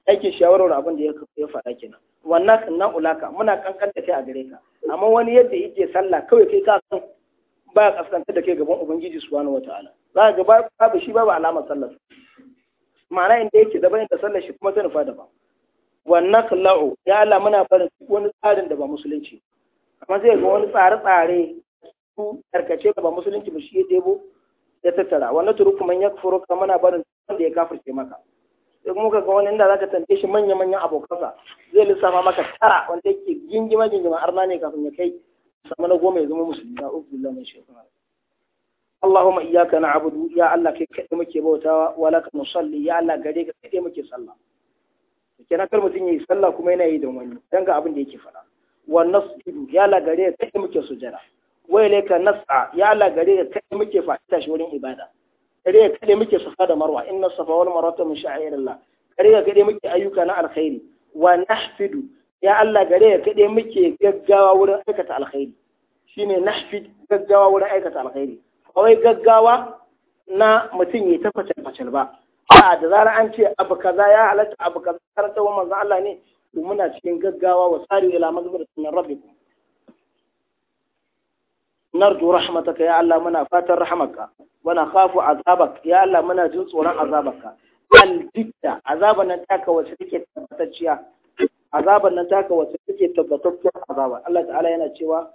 aikin shi ya warware abin da ya faɗa kenan wannan na ulaka muna kankan da kai a gare ka amma wani yadda yake sallah kawai kai ka san ba ya kaskanta da kai gaban ubangiji subhanahu wataala za ga babu shi babu alamar sallar ma'ana inda yake bayan da sallar shi kuma ta nufa ba wannan kalla'u ya Allah muna barin wani tsarin da ba musulunci amma zai ga wani tsare-tsare su karkace ba musulunci ba shi ya debo ya tattara wannan turuku man ya kafuro ka muna barin wanda ya kafirce maka sai kuma ka ga wani inda zaka tambaye shi manya-manyan abokansa zai lissafa maka tara wanda yake gingima gingima arna ne kafin ya kai sama na goma ya zama musulmi na uku shi ya fara. Allahumma iyyaka na'budu ya Allah kai kadai muke bautawa wa laka ya Allah gare ka kadai muke sallah kenan kar mutum yayi sallah kuma yana yi da wani dan ga abin yake faɗa wa nasjudu ya Allah kadai muke sujada wa nas'a ya Allah gare kadai muke fa'ita shi wurin ibada gare ka kadai muke safa da marwa inna safa wal marwa min sha'irillah gare ka kadai muke ayyuka na alkhairi wa nahfidu ya Allah gare kadai muke gaggawa wurin aikata alkhairi shine nahfid gaggawa wurin aikata alkhairi wai gaggawa na mutum ya ta facal ba a da zarar an ce abu kaza ya halatta abu kaza ta tsawon mazan Allah ne to muna cikin gaggawa wa tsari ila mazmur sunan rabbikum Nardu rahmataka ya Allah muna fatan rahmaka wa nakhafu azabak ya Allah muna jin tsoron azabaka al dikta azaban nan taka wace take tabbatacciya azaban nan taka wace take tabbatacciya azaba Allah ta'ala yana cewa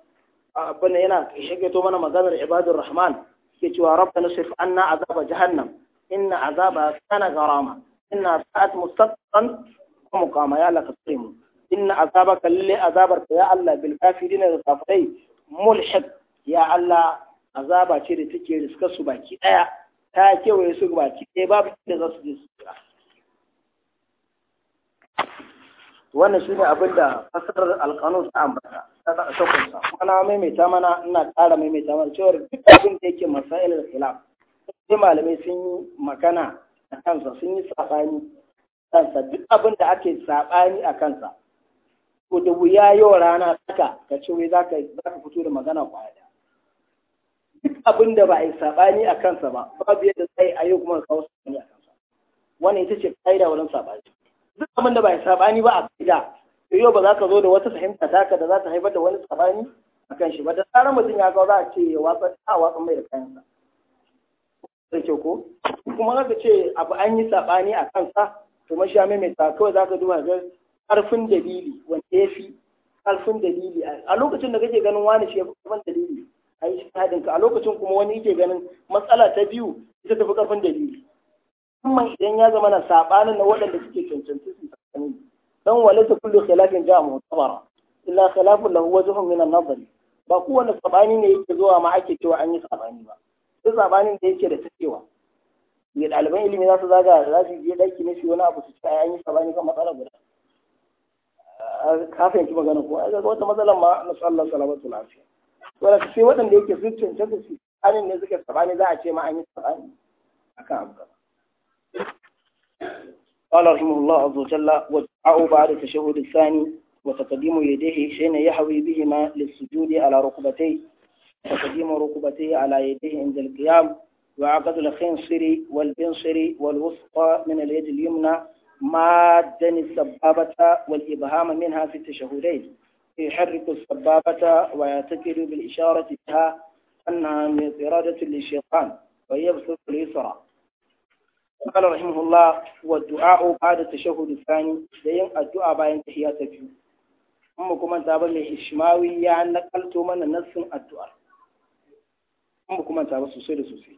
abin yana shige to mana maganar ibadur rahman ke cewa rabbana sirf anna azaba jahannam inna azaba kana garama inna sa'at mustaqan wa muqama ya laka mu inna azabaka lillahi azabar ya Allah bil kafirin da kafirai mulhid ya Allah azaba ce da take riskar su baki daya ta kewaye su baki ɗaya babu inda za su je su tsira wannan shi ne abin da fasarar alkanus ta ambata ta kunsa kuma na maimaita mana ina ƙara maimaita mana cewar duk abin da yake masailar khilaf sai malamai sun yi makana a kansa sun yi saɓani kansa duk abin da ake saɓani a kansa ko da wuya yau rana saka ka ce wai zaka zaka fito da magana kwaya duk abin da ba a yi saɓani a kansa ba babu yadda sai a yau kuma kawo saɓani a kansa wannan ita ce ƙa'ida wurin saɓani duk abin da ba ya sabani ba a kaida to yau ba za ka zo da wata fahimta taka da za ta haifar da wani sabani kan shi ba da tsara mutum ya kawo za a ce ya watsa a watsa mai da kayansa da kyau ko kuma za ka ce abu an yi sabani a kansa to mashi ya maimaita kawai za ka duba ga ƙarfin dalili wanda ya fi ƙarfin dalili a lokacin da kake ganin wani shi ya fi ƙarfin dalili a yi shahadinka a lokacin kuma wani yake ganin matsala ta biyu ita fi ƙarfin dalili musamman idan ya zama na sabanin na waɗanda suke cancanci su sakani dan walata kullu khilafin ja'a mu'tabara illa khilafun lahu wajhun min an-nazar ba kowane sabani ne yake zuwa ma ake cewa an yi sabani ba sai sabanin da yake da tacewa ne ɗaliban ilimi za su zaga za su je ɗaki ne su wani abu su ci an yi sabani kan matsala guda kafin ki magana ko ai ga wata matsalar ma na sallar salamatu lafiya to da sai waɗanda yake sun cancanci su sabanin ne suka sabani za a ce ma an yi sabani akan abu قال رحمه الله عز وجل وجعوا بعد التشهد الثاني وتقديم يديه حين يحوي بهما للسجود على ركبتيه وتقديم ركبتيه على يديه عند القيام وعقد الخنصر والبنصر والوسطى من اليد اليمنى مادا السبابة والإبهام منها في التشهدين يحرك السبابة ويعتقد بالإشارة بها أنها من إرادة للشيطان ويبسط اليسرى قال رحمه الله والدعاء بعد التشهد الثاني دين الدعاء بعد تحيات بيو أما كما تابع الإشماوي يعني نقلت من نص الدعاء أما كما تابع سوسي سوسي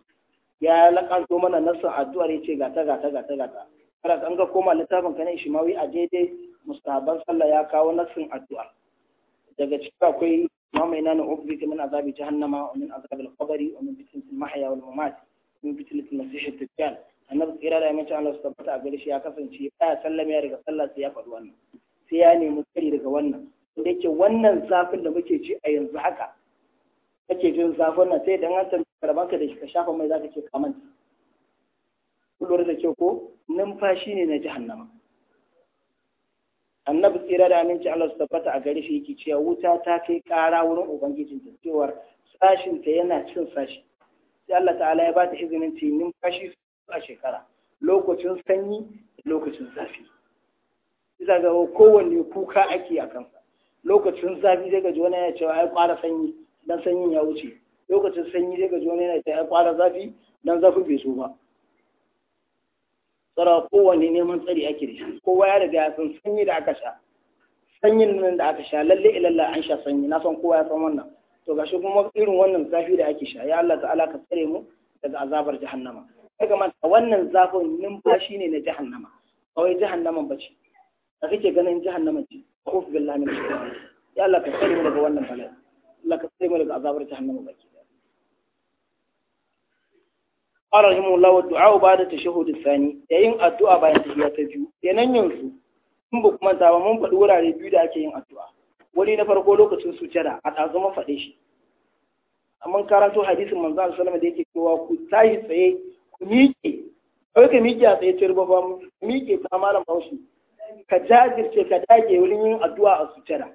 ya lakanto mana nassin addu'ar ya ce gata gata gata gata kada an ga koma littafin ka na a daidai mustahaban sallah ya kawo nassin addu'a daga ciki akwai mamai na nu'ubi ta min azabi jahannama wa min azabi al-qabri wa min fitnatil mahya wal mamat annabi tsira da aminci Allah su tabbata a shi ya kasance ya sallama ya daga sallah sai ya faɗi wannan sai ya nemi kari daga wannan da yake wannan zafin da muke ji a yanzu haka kake jin zafin nan sai dan an san karbanka da ka shafa mai zaka ce kaman kullure da ke ko numfashi ne na jahannama annabi tsira da aminci Allah su tabbata a gare shi yake cewa wuta ta kai ƙara wurin ubangijinta cewar sashinta yana cin sashi sai Allah ta'ala ya ba ta izinin ta yi numfashi a shekara lokacin sanyi lokacin zafi za ga kowanne kuka ake a kansa lokacin zafi zai gaji wani yana cewa ai kwara sanyi dan sanyin ya wuce lokacin sanyi zai gaji wani yana cewa ai kwara zafi dan zafi bai so ba tsara kowanne neman tsari ake da shi kowa ya riga ya san sanyi da aka sha sanyin nan da aka sha lalle ilalla an sha sanyi na san kowa ya san wannan to gashi kuma irin wannan zafi da ake sha ya Allah ta'ala ka tsare mu daga azabar jahannama daga manta wannan zafin numfashi ne na jahannama ba wai jahannaman ba ce da kake ganin jahannaman ce ko fi billahi min shaitan ya Allah ka tsare mu daga wannan bala'i Allah ka tsare mu daga azabar jahannama baki قال رحمه الله والدعاء بعد التشهد الثاني yayin addu'a bayan tahiyya ta biyu kenan yanzu mun ba kuma ba mun faɗi wurare biyu da ake yin addu'a wani na farko lokacin sujada a ɗazu mun faɗe shi amma karanto hadisin manzo sallallahu alaihi wasallam da yake cewa ku tashi tsaye miƙe kawai ka miƙe a tsaye ce rubaba miƙe ta malam maushi ka jajirce ka dage wurin yin addu'a a sutura.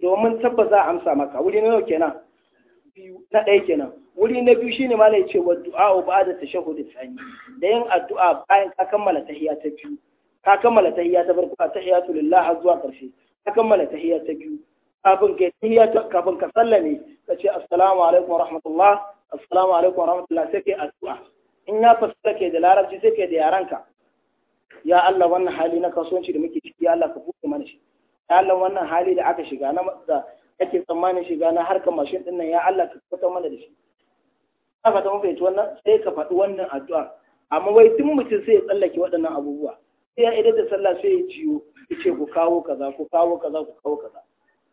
domin tabbas za a amsa maka wuri na yau kenan na ɗaya kenan wuri na biyu shine malai ce wa du'a ba da tashahhud tsani da yin addu'a bayan ka kammala tahiyya ta biyu ka kammala tahiyya ta farko lullu lillah zuwa ƙarshe ka kammala tahiyya ta biyu kafin ka tahiyya kafin ka sallame ka ce assalamu alaikum wa rahmatullah assalamu alaikum wa rahmatullah sai kai addu'a in ya fassara ke da larabci sai kai da yaranka ya Allah wannan hali na kasuwanci da muke ciki ya Allah ka buɗe mana shi ya Allah wannan hali da aka shiga na da ake tsammanin shiga na harkar mashin din nan ya Allah ka fito mana da shi ka fata mu fahimci wannan sai ka faɗi wannan addu'a amma wai duk mutum sai ya tsallake waɗannan abubuwa sai ya idan da sallah sai ya ciwo ya ce ku kawo kaza ku kawo kaza ku kawo kaza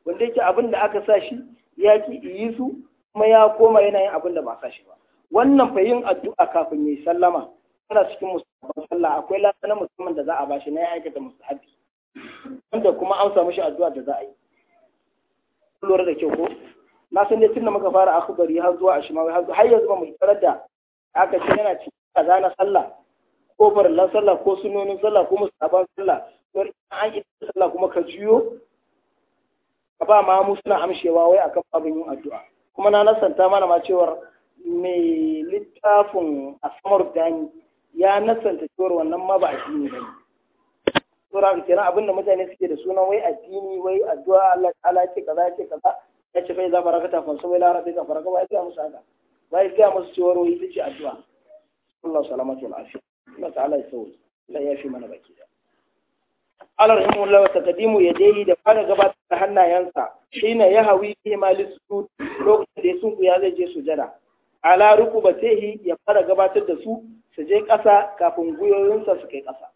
wanda yake abin da aka sa shi ya ki yi su kuma ya koma yana yin abin da ba sa shi ba wannan fa yin addu'a kafin yi sallama ana cikin musamman sallah akwai lada na musamman da za a bashi na ya aikata mustahabi wanda kuma an samu shi addu'a da za a yi lura da kyau ko na san dai da muka fara akhbari har zuwa ashimawi har har yanzu ba mu tsara da aka ce yana cikin kaza na sallah ko farallan sallah ko sunonin sallah ko musaban sallah to an yi sallah kuma ka juyo ka ba ma mu suna amshewa wai akan abin yin addu'a kuma na nasanta mana ma cewar mai littafin a asamar ni, ya nasanta cewar wannan ma ba a addini ba sura kenan abin da mutane suke da sunan wai addini wai addu'a Allah ta'ala ce kaza ce kaza ya ce fa iza barakata fa sai la zafara ka faraka ya ga musu haka wai ga musu cewar wai ita ce addu'a Allah salamatu wa afiya Allah ta'ala ya sauke Allah ya fi mana baki da Allah wa taqdimu yadayhi da fara gabatar da hannayensa hina ya hawi ke mali su lokacin da ya sunkuya zai je sujada ala ruku ba ya fara gabatar da su su je ƙasa kafin gwiwoyinsa su kai ƙasa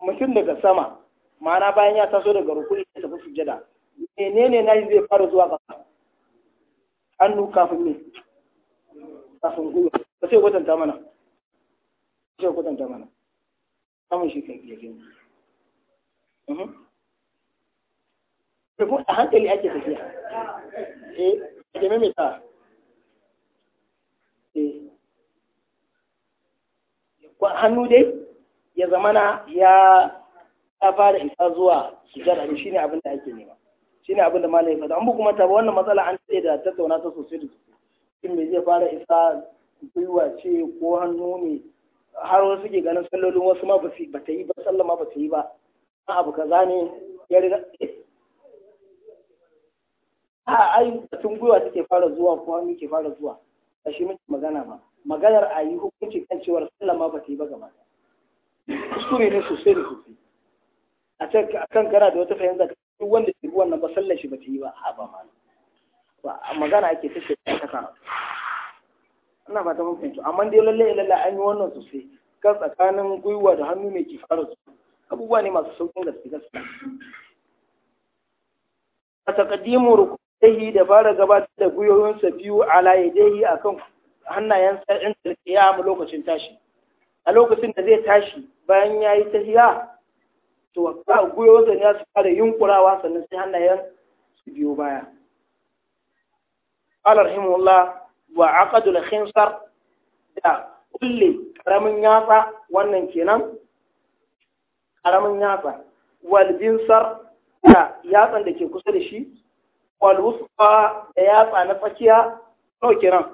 mutum daga sama ma'ana bayan ya taso daga ruku ya tafi sujada menene na zai fara zuwa ƙasa hannu kafin ne kafin gwiwa ba sai kwatanta mana Ba sai kwatanta mana samun shi kan iya gani mhm. to kuma a hankali ake tafiya eh ake maimaita eh hannu dai ya zamana ya ta fara isa zuwa shigar abin shine abin da ake nema shine abin da malai fada an bu kuma ta wannan matsala an tsaye da tattauna ta sosai da sosai shin me zai fara isa gwiwa ce ko hannu ne har wasu ke ganin sallolin wasu ma ba ta yi ba sallama ba ta yi ba abu kaza ne ya riga a ai tun gwiwa take fara zuwa ko kuma ke fara zuwa ba shi muke magana ba maganar a yi hukunci kan cewar ma ba ta yi ba gaba kuskure ne sosai da sosai a can kan kana da wata fahimta duk wanda ke bi wannan ba sallar shi ba ta yi ba a ba ma magana ake ta shi ta kara ina ba ta mun fahimci amma dai lalle lalle an yi wannan sosai kan tsakanin gwiwa da hannu ne ke fara zuwa abubuwa ne masu saukin gaske gaske a takaddimu Yahi da fara gabatar da gwiwoyinsa biyu ala yadayhi akan hannayensa in tilkiyam lokacin tashi a lokacin da zai tashi bayan ya yi tahiya to gwiwoyinsa ya su fara yunkurawa sannan sai hannayen su biyo baya قال رحمه الله وعقد الخنصر da kulle karamin yatsa wannan kenan karamin yatsa wal da yatsan da ke kusa da shi walwusfa da yatsa na tsakiya no kiran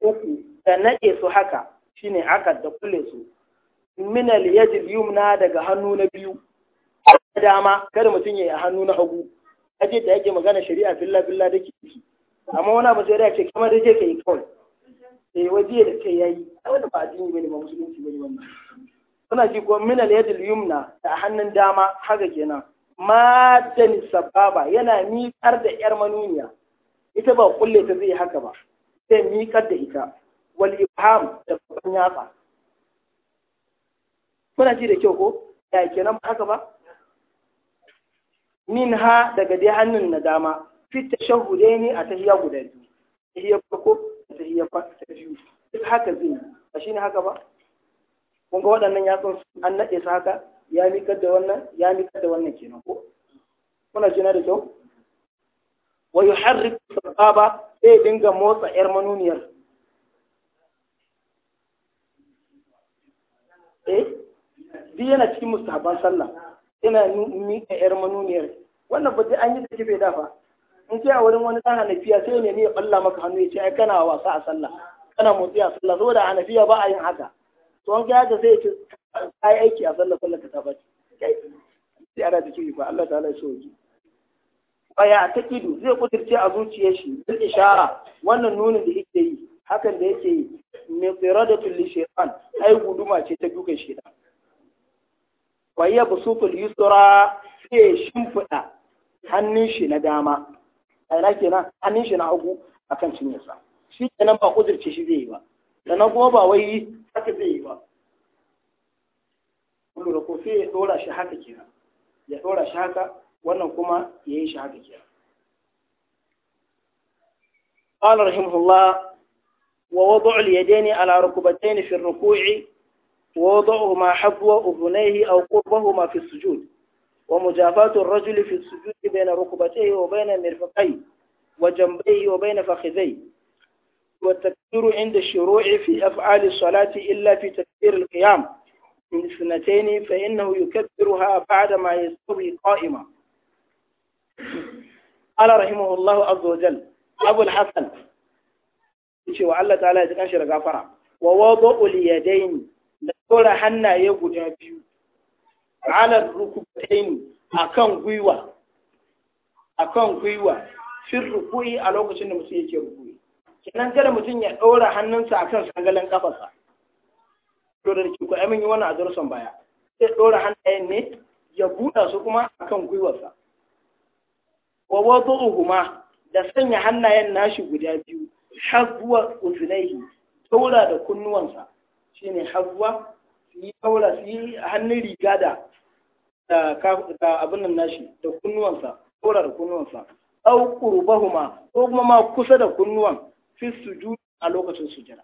uku da naɗe su haka shine akad da kulle su min al yadil yumna daga hannu na biyu dama kada mutum ya yi hannu na hagu aje da yake magana shari'a billa billa da ke amma wani abu sai da yake kamar da je ka yi kawai eh waje da kai yayi wanda ba addini bane ba musulunci bane wannan suna ji ko min al yadil yumna da hannun dama haka kenan matan sababa yana miƙar da ƴar manuniya, ita ba kulle ta zai haka ba, sai miƙar da ita, wal ifham da babban yatsa. Kuna ji da kyau ko? Ya kenan ba haka ba? Min ha daga dai hannun na dama, fit tashahhudai ne a tahiya guda biyu. Tahiyya farko, tahiyya ta biyu. Duk haka zai yi, ba shi ne haka ba? Kun ga waɗannan yatsun an naɗe su haka? ya nikar da wannan ya nikar da wannan kenan ko kuna jina da kyau wa yuharrik sababa sai dinga motsa yar manuniyar eh bi yana cikin mustahaban sallah ina miƙa yar manuniyar wannan ba an yi take bai fa? in ce a wurin wani dan hanafiya sai ne ne ya balla maka hannu ya ce ai kana wasa a sallah kana motsi a sallah saboda hanafiya ba a yin haka to an ga haka sai ya ce ai aiki a sallar sallar ka ta bace sai ana ta kiri ba Allah ta'ala ya so ki fa ya zai kudirce a zuciyar shi bil ishara wannan nunin da yake yi hakan da yake yi min qiradatu li shaytan ai guduma ce ta dukan shaytan wa ya busutul yusra sai shimfida hannun shi na dama ai na kenan hannun shi na hagu akan cinyarsa shi kenan ba kudirce shi zai yi ba sannan kuma ba wai قال رحمه الله ووضع اليدين على ركبتين في الركوع ووضعهما حذو أذنيه أو قربهما في السجود ومجافاة الرجل في السجود بين ركبتيه وبين مرفقيه وجنبيه وبين فخذيه والتكبير عند الشروع في أفعال الصلاة إلا في تكبير القيام من سنتين فإنه يكبرها بعد ما يستوي قائما قال رحمه الله عز وجل أبو الحسن وعلى تعالى يتكنشر غفرة ووضع اليدين دور حنا يبدا بيو على الركبتين أكن غيوة أكن غيوة في الركوع على وقت النمسية يركوع kenan kada mutum ya ɗora hannunsa a kan sagalin kafarsa to da ke koyi min yi wani a baya sai ɗora hannayen ne ya buɗa su kuma a kan gwiwarsa wa kuma da sanya hannayen nashi guda biyu habuwa uzunaihi taura da kunnuwansa shine haguwa su yi taura su yi hannun riga da da abin nashi da kunnuwansa taura da kunnuwansa au bahuma ko kuma ma kusa da kunnuwan fi sujud a lokacin sujada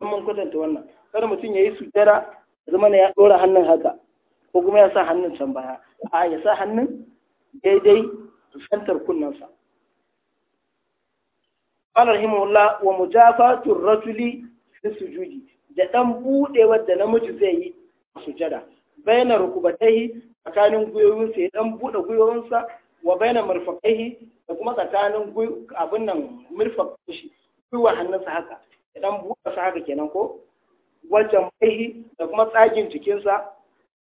in mun kwatanta wannan kada mutum ya yi sujada zama ya ɗora hannun haka ko kuma ya sa hannun can baya a ya sa hannun daidai fuskantar kunnensa قال رحمه الله ومجافاة الرجل في السجود da ɗan buɗewar da namiji zai yi a sujada baina rukubatai tsakanin gwiwoyinsa ya ɗan buɗe gwiwoyinsa wa baina murfaƙai da kuma tsakanin abin nan murfaƙai gwiwa hannunsa haka ya dan buɗe su haka kenan ko wajen maihi da kuma tsakin jikinsa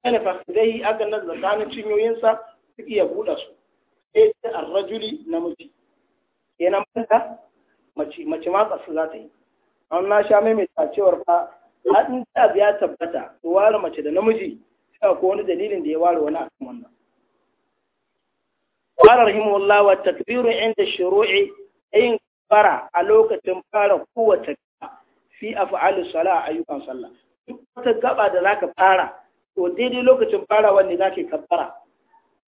yana fasidai aka nan tsakanin cinyoyinsa su iya buɗe su sai ta arrajuli mace kenan banta mace ma tsasu za ta yi an na sha maimaita cewar fa haɗin ta ya tabbata su ware mace da namiji sai ko wani dalilin da ya ware wani akan wannan قال رحمه الله والتكبير عند الشروع أي bara a lokacin fara kowace fi a fa’alin sala a ayyukan sallah duk wata gaba da zaka fara to daidai lokacin fara wanne ka kabbara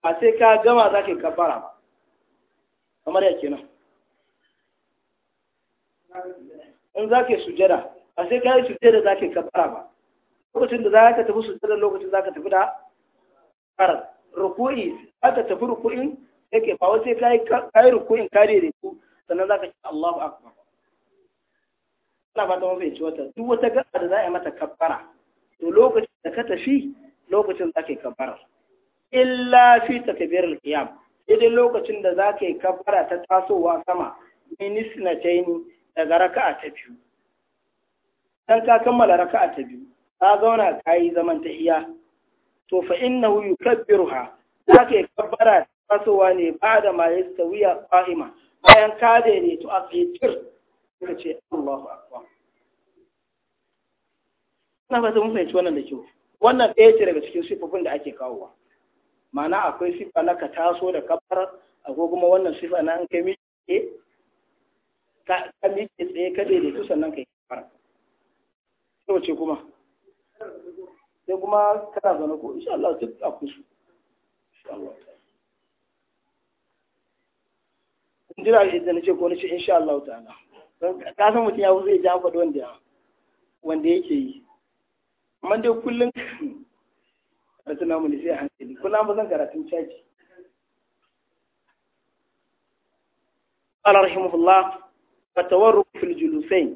a sai ka gama ka kabbara ba kamar ya kenan in zaka sujada ba sai ka yi sujada ka kabbara ba lokacin da za ka tafi sujada lokacin zaka tafi da fara ruku'i ka tafi ruku'in yake ba sai ka yi ruku'in kare da ku sannan za ka ci Allahu Akbar. Ana fata mun fahimci wata duk wata gaba da za a yi mata kabbara to lokacin da ka tafi lokacin za ka yi kabbara. Illa fi ta al-qiyam sai lokacin da za ka yi kabbara ta tasowa sama minis na taini daga raka'a ta biyu. Dan ka kammala raka'a ta biyu ka zauna ka yi zaman ta iya. to fa innahu yukabbiruha za ka yi kabbara tasowa ne ba da ma yastawiya ƙa'ima. bayan ka daidaitu a fitir suka ce Allahu akbar ina ba mun fahimci wannan da kyau wannan ɗaya ce daga cikin sifofin da ake kawowa ma'ana akwai sifa na ka taso da kafar akwai kuma wannan sifa na an kai miƙe ka miƙe tsaye ka daidaitu sannan kai kafara sai ce kuma sai kuma kana zaune ko insha Allah duk a kusu insha Allah jira da na ce ko ni ce insha Allah ta'ala ka san mutum ya wuce ya faɗi wanda wanda yake yi amma dai kullun da tuna mu sai hankali kullum ba zan karatun caji قال رحمه fa فتورك fil julusain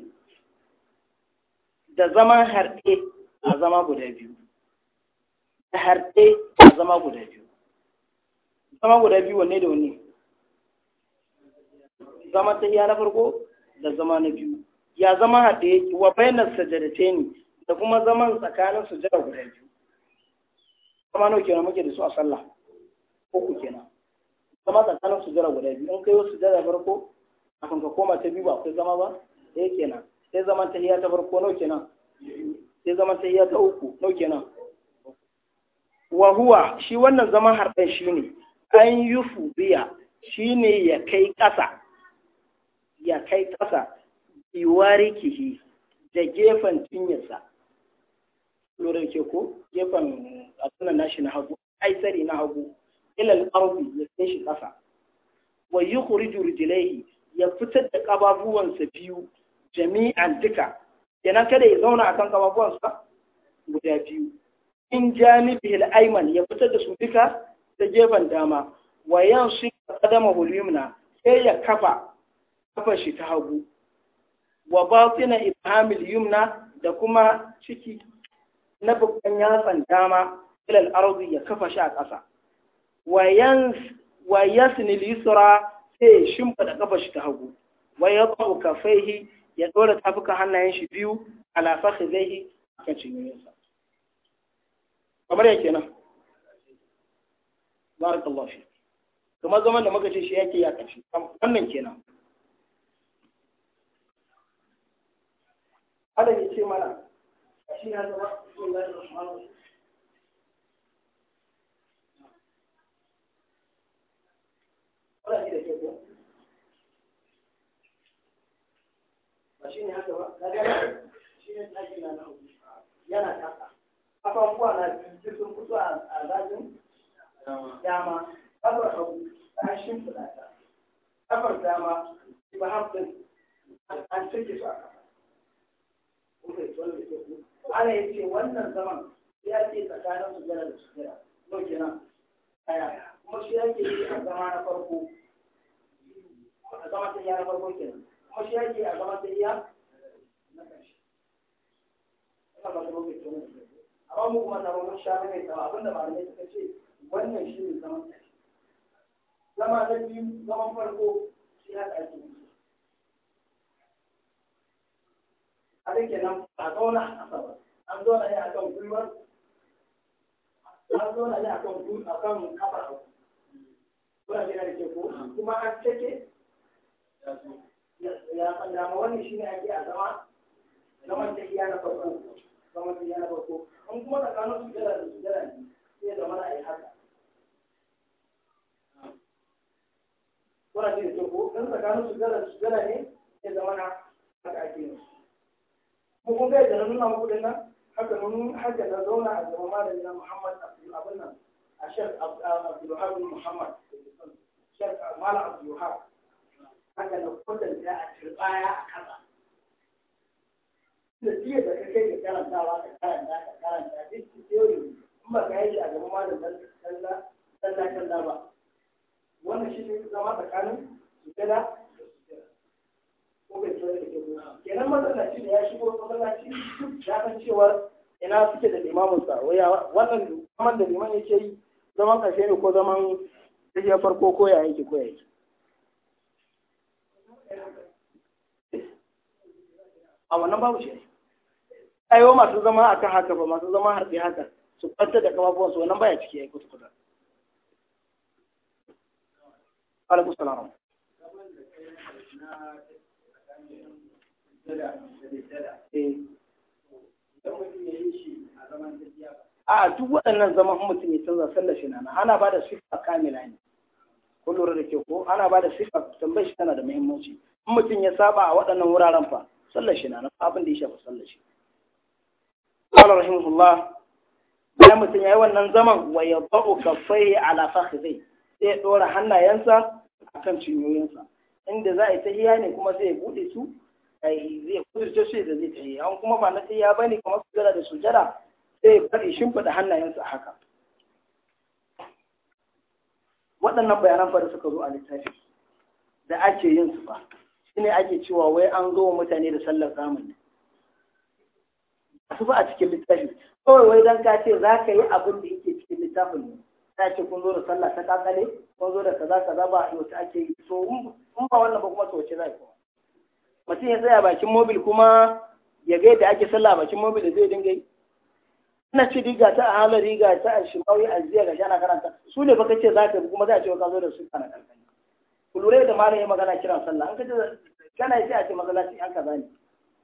da zama harɗe a zama guda biyu da harɗe a zama guda biyu zama guda biyu wanne da wanne zama ta iya na farko da zama na biyu ya zama haɗe wa bainar sajadace ne da kuma zaman tsakanin jira guda biyu zama nau kenan muke da su a sallah uku kenan zama tsakanin jira guda biyu in kai sujada farko kafin ka koma ta biyu ba akwai zama ba ɗaya kenan sai zaman ta iya ta farko nau kenan sai zaman ta iya ta uku nau kenan wa huwa shi wannan zaman harɗen shi ne an yufu biya shi ne ya kai ƙasa ya kai ƙasa iwari kihi da gefen cinyarsa lura ke ko gefen abin nashi na hagu aisari na hagu ilal arbi ya kai shi ƙasa wa kuri rijlaihi ya fitar da ƙababuwansa biyu jami'an duka yana kada ya zauna akan ƙababuwansa. guda biyu in janibihil ayman ya fitar da su duka Da gefen dama wa yansu qadamahu yumna sai ya kafa kafar shi ta hagu wa batina ibhamil yumna da kuma ciki na babban yatsan dama ilal arzi ya kafa shi a ƙasa wa yasnil yusra sai shimfa da kafa shi ta hagu wa ya yadau kafaihi ya dora tafuka hannayen shi biyu ala fakhidhihi akan cinyoyinsa kamar yake nan barakallahu fi kuma zaman da muka ce shi yake ya kashi wannan kenan Allah ya ce mana shi ya zama ba shi ne haka ba shi ne tsaki na yana kasa abubuwa na sun a zafin dama kafar hagu an shimfiɗa ta kafar dama ba hamsin an ana ya ce wannan zaman ya ce tsakanin su jana da su jira no kenan aya kuma shi ya ke yi a zama na farko a zama ta iya na farko kenan kuma shi ya ke a zama ta iya na ƙarshe ina ba ta mafi tsohon amma mu kuma zama mun sha mai sama abinda malamai suka ce wannan shi ne zaman ƙarshe zama na biyu zaman farko shi ya ake a rike nan a zauna a ƙasa an zauna ne a kan gwiwar an zauna ne a kan a kan kafa kuna jira da ke ko kuma an cike ya san dama wannan shi ne ake a zama zaman da iya na farko zaman da iya na farko An kuma tsakanin su jira da su jira ne sai zama na a yi haka kuna jira da ke ko in tsakanin su jira da su jira ne sai zama na haka ake yin su ko kun ga da nuna muku din nan haka mun haka na zauna a gaban malami na Muhammad Abdul Abdul nan a Sheikh Abdul Wahab Muhammad Sheikh Malam Abdul Wahab haka na kudin da a turbaya a kaza da jiya da kake da karantawa ka karanta ka karanta duk theory in ba ka yi a gaban malam dan sallah sallah ba wannan shi ne zama tsakanin su sujada ko bai da kenan masallaci ne ya shigo masallaci ya san cewa ina suke da limamin sa waya wannan zaman da liman yake yi zaman ƙarshe ne ko zaman farko ko ya yake ko ya yake a wannan babu shi masu zama akan haka ba masu zama haka su kwanta da kafafuwan su wannan baya ciki ya yi alaikum salam a duk waɗannan zaman mutum ya canza sallar shi nana ana ba da sifa kamila ne ko lura da ke ko ana ba da sifa tambayar shi tana da muhimmanci in mutum ya saba a waɗannan wuraren fa sallar shi nana abin da ya shafa sallar shi qala rahimahullah bayan mutum ya yi wannan zaman wa ya ba'u kafai ala zai sai ya ɗora hannayensa a kan cinyoyinsa inda za a yi hiya ne kuma sai ya buɗe su yayi zai kudurce shi da zai ta yi an kuma ba na sai ya bane kamar sujada da sujada sai faɗi shimfiɗa hannayensa a haka waɗannan bayanan fa da suka zo a littafi da ake yin su fa shine ake cewa wai an zo mutane da sallar zamani su ba a cikin littafi kawai wai dan ka ce za ka yi abin da yake cikin littafin ne ta ce kun zo da sallah ta kakale kun zo da kaza kaza ba yau ta ake yi so in ba wannan ba kuma to wace za ku mutum ya tsaya bakin mobil kuma ya ga yadda ake sallah bakin mobil da zai dinga yi ina ci riga ta a halar riga ta a shimawi a ziya ga shana karanta su ne ka ce za ka bi kuma za a ce ka zo da su kana kankani ku lura da malam ya magana kiran sallah an ka ce kana yi a ce masallaci an kaza ne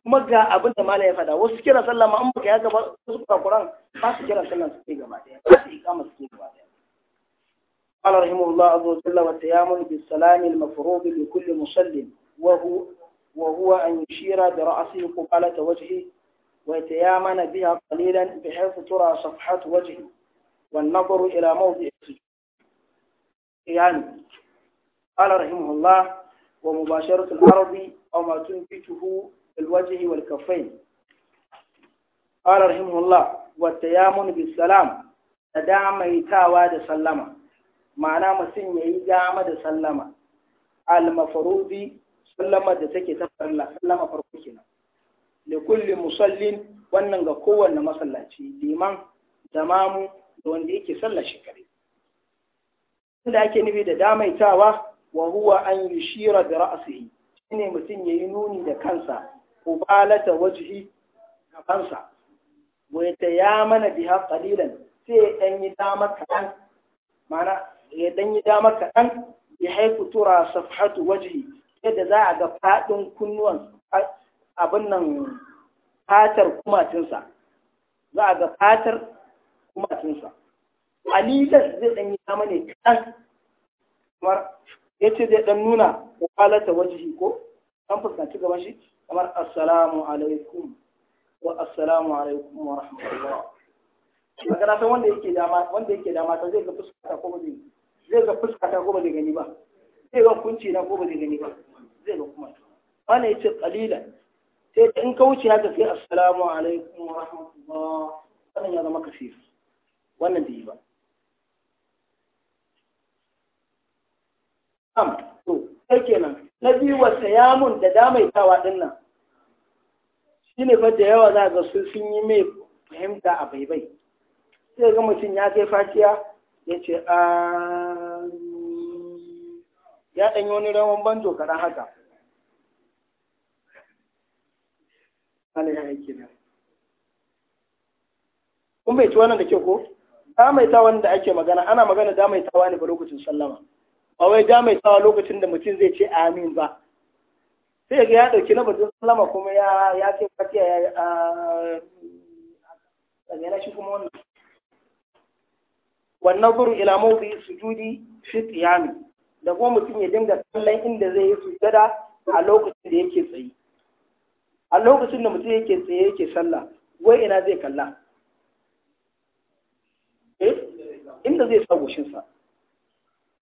kuma ga abin da malam ya faɗa wasu kiran sallah ma an baka ya gaba su kuka kuran ba su kiran sallah su ke gaba ɗaya ba su ikama su ke gaba ɗaya قال رحمه الله عز وجل والتيامن بالسلام المفروض لكل مسلم وهو وهو أن يشير برأسه قبالة وجهه ويتيامن بها قليلا بحيث ترى صفحة وجهه والنظر إلى موضع السجود يعني قال رحمه الله ومباشرة الأرض أو ما تنبته بالوجه والكفين قال رحمه الله والتيامن بالسلام تدعم يتاوى دسلم معناه مسن يجامد سلم المفروض sallama da take ta farilla sallama farko kenan li kulli musallin wannan ga kowanne masallaci liman da mamu da wanda yake sallah shi kare da ake nufi da damaitawa wa huwa an yushira bi ra'sihi shine mutum yayi nuni da kansa ubalata wajhi gabansa wa yatayamana biha qalilan sai dan yi dama kadan mana ya dan yi dama kadan ya haifu tura safhatu wajhi yadda za a ga faɗin kunnuwan abin nan fatar kumatinsa za a ga fatar kumatinsa alilas zai ɗan yi sama ne kan kamar ya ce zai ɗan nuna ko kwalata shi ko an fuskanci gaban shi kamar assalamu alaikum wa assalamu alaikum wa rahmatullah daga na wanda yake dama wanda yake dama ta zai ga fuskata ko ba zai ga fuskata ko ba zai gani ba zai ga kunci na ko ba zai gani ba wani ya ce ƙalilan sai in ka wuce haka sai assalamu alaikum wa rahmatullah wannan ya zama kasir wannan bai yi ba am to sai kenan na biyu wa sayamun da damaitawa din nan shine fa da yawa za ga su sun yi mai fahimta a baibai sai ga mutum ya kai fatiya ya ce a ya ɗanyi wani rawan banjo kaɗan haka ana yin aiki da kun bai ci wannan da ke ko damaitawan da ake magana ana magana damaitawa ne ba lokacin sallama ba wai damaitawa lokacin da mutum zai ce amin ba sai ga ya dauki na batun sallama kuma ya ya ce fatiya ya a yana shi kuma wannan wannan zuru ila mawdi sujudi fi qiyami da kuma mutum ya dinga kallon inda zai yi sujada a lokacin da yake tsayi a lokacin da mutum yake tsaye yake sallah wai ina zai kalla eh inda zai sa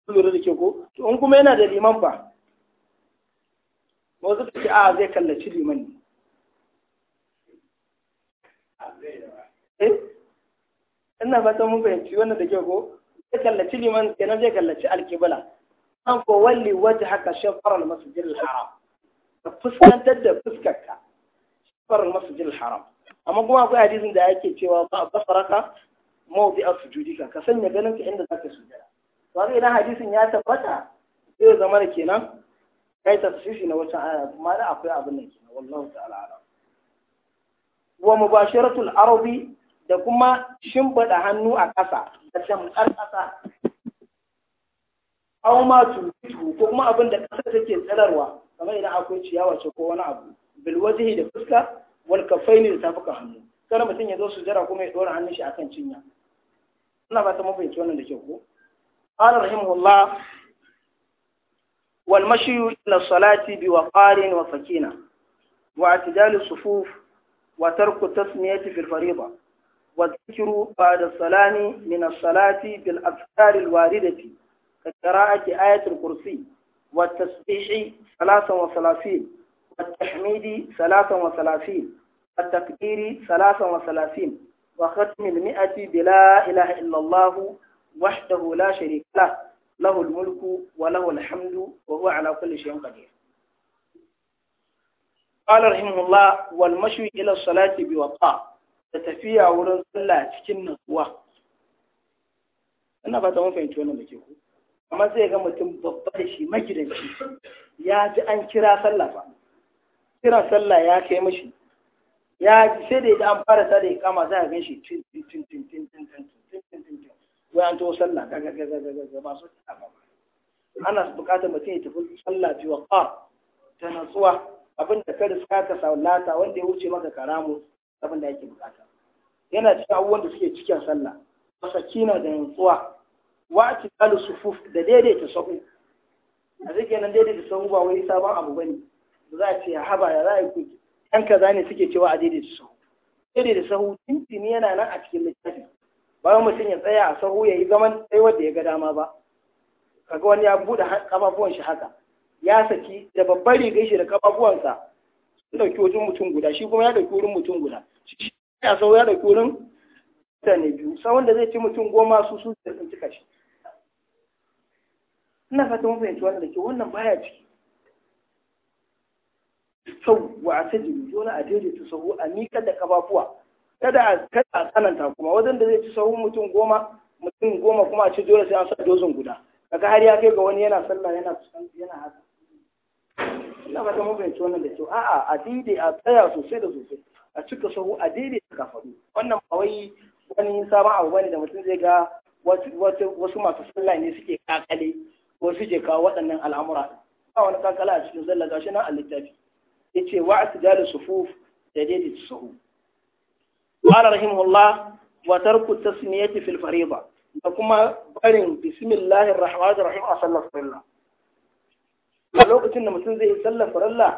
sa lura da ke ko to in kuma yana da liman ba wasu ce a zai kallaci liman ne eh ina ta mun fahimci wannan da ke ko zai kallaci liman kenan zai kallaci alkibala. an ko walli waje haka shafarar masjidil haram ka fuskantar da fuskarka farin masjidil haram amma kuma akwai hadisin da ake cewa ba basaraka mawdi asujudika ka sanya ganin ka inda zaka sujada to haka idan hadisin ya tabbata zai zama da kenan kai tafsiri na wata aya kuma da akwai abin nan kenan wallahu ta'ala alam wa mubasharatul arobi da kuma shimfiɗa hannu a ƙasa da shamkar ƙasa auma tutu ko kuma abin da ƙasa take tsararwa kamar idan akwai ciyawa ce ko wani abu bil da fuska wal ne da tafuka hannu kada mutum ya zo su jira kuma ya dora hannun shi akan cinya ina ba ta mafi wannan da kyau ko qala rahimahullah wal mashyu ila salati bi waqarin wa sakina wa atidal sufuf wa tarku tasmiyati fil fariḍa والذكر بعد السلام من الصلاة بالأذكار الواردة كقراءة wa الكرسي salasan wa وثلاثين التحميد ثلاثا وثلاثين التكبير ثلاثا وثلاثين وختم المئة بلا إله إلا الله وحده لا شريك له له الملك وله الحمد وهو على كل شيء قدير قال رحمه الله والمشي إلى الصلاة بوقاء تتفيع ورن صلاة cikin natsuwa ina ba ta mun fahimci wannan da ke ku amma sai ga mutum babba da shi magidanci ya ji an kira sallah fa kiran sallah ya kai mashi ya sai da ya an fara sada da ya kama za a gan shi tin tin tin tin tin tin tin tin tin tin tin tin wai an taho sallah ga ga ga ga ga ga masu tsaba ana buƙatar mutum ya tafi sallah bi waqa ta natsuwa abin da ka riska ka sallata wanda ya wuce maka karamu abin da yake buƙata yana cikin abubuwan da suke cikin sallah masakina da natsuwa wa atiqalu sufuf da daidaita sahu a zai daidaita sahu ba wai sabon abu bane za a ce haba ya za a yi ɗan kaza ne suke cewa a daidaita sahu daidaita sahu tuntuni yana nan a cikin littafi bayan mutum ya tsaya a sahu ya yi zaman sai wanda ya ga dama ba kaga wani ya buɗe kafafuwan shi haka ya saki da babbar rigar shi da kafafuwansa sun ɗauki wajen mutum guda shi kuma ya ɗauki wurin mutum guda shi ya sahu ya ɗauki wurin mutane biyu sahun da zai ci mutum goma su su da sun cika shi ina fata mun fahimci wannan da ke wannan baya ciki sau wa a saji dole a daidaita sahu a miƙa da kafafuwa kada a kada a tsananta kuma wajen da zai ci sahu mutum goma mutum goma kuma a ci dole sai an sa dozin guda kaga har ya kai ga wani yana sallah yana fuskanci yana haka ina ta mu fahimci wannan da kyau a'a a daidai a tsaya sosai da sosai a cika sahu a daidai ta kafaɗu wannan ba wai wani sabon abu bane da mutum zai ga wasu masu sallah ne suke kakale wasu suke kawo waɗannan al'amura ba wani kakala a cikin zalla gashi nan a littafi yace wa asdalu sufuf da daidai suhu qala rahimahullah wa tarku tasmiyati fil fariida da kuma barin bismillahir rahmanir rahim a sallar farilla a lokacin da mutum zai yi sallar farilla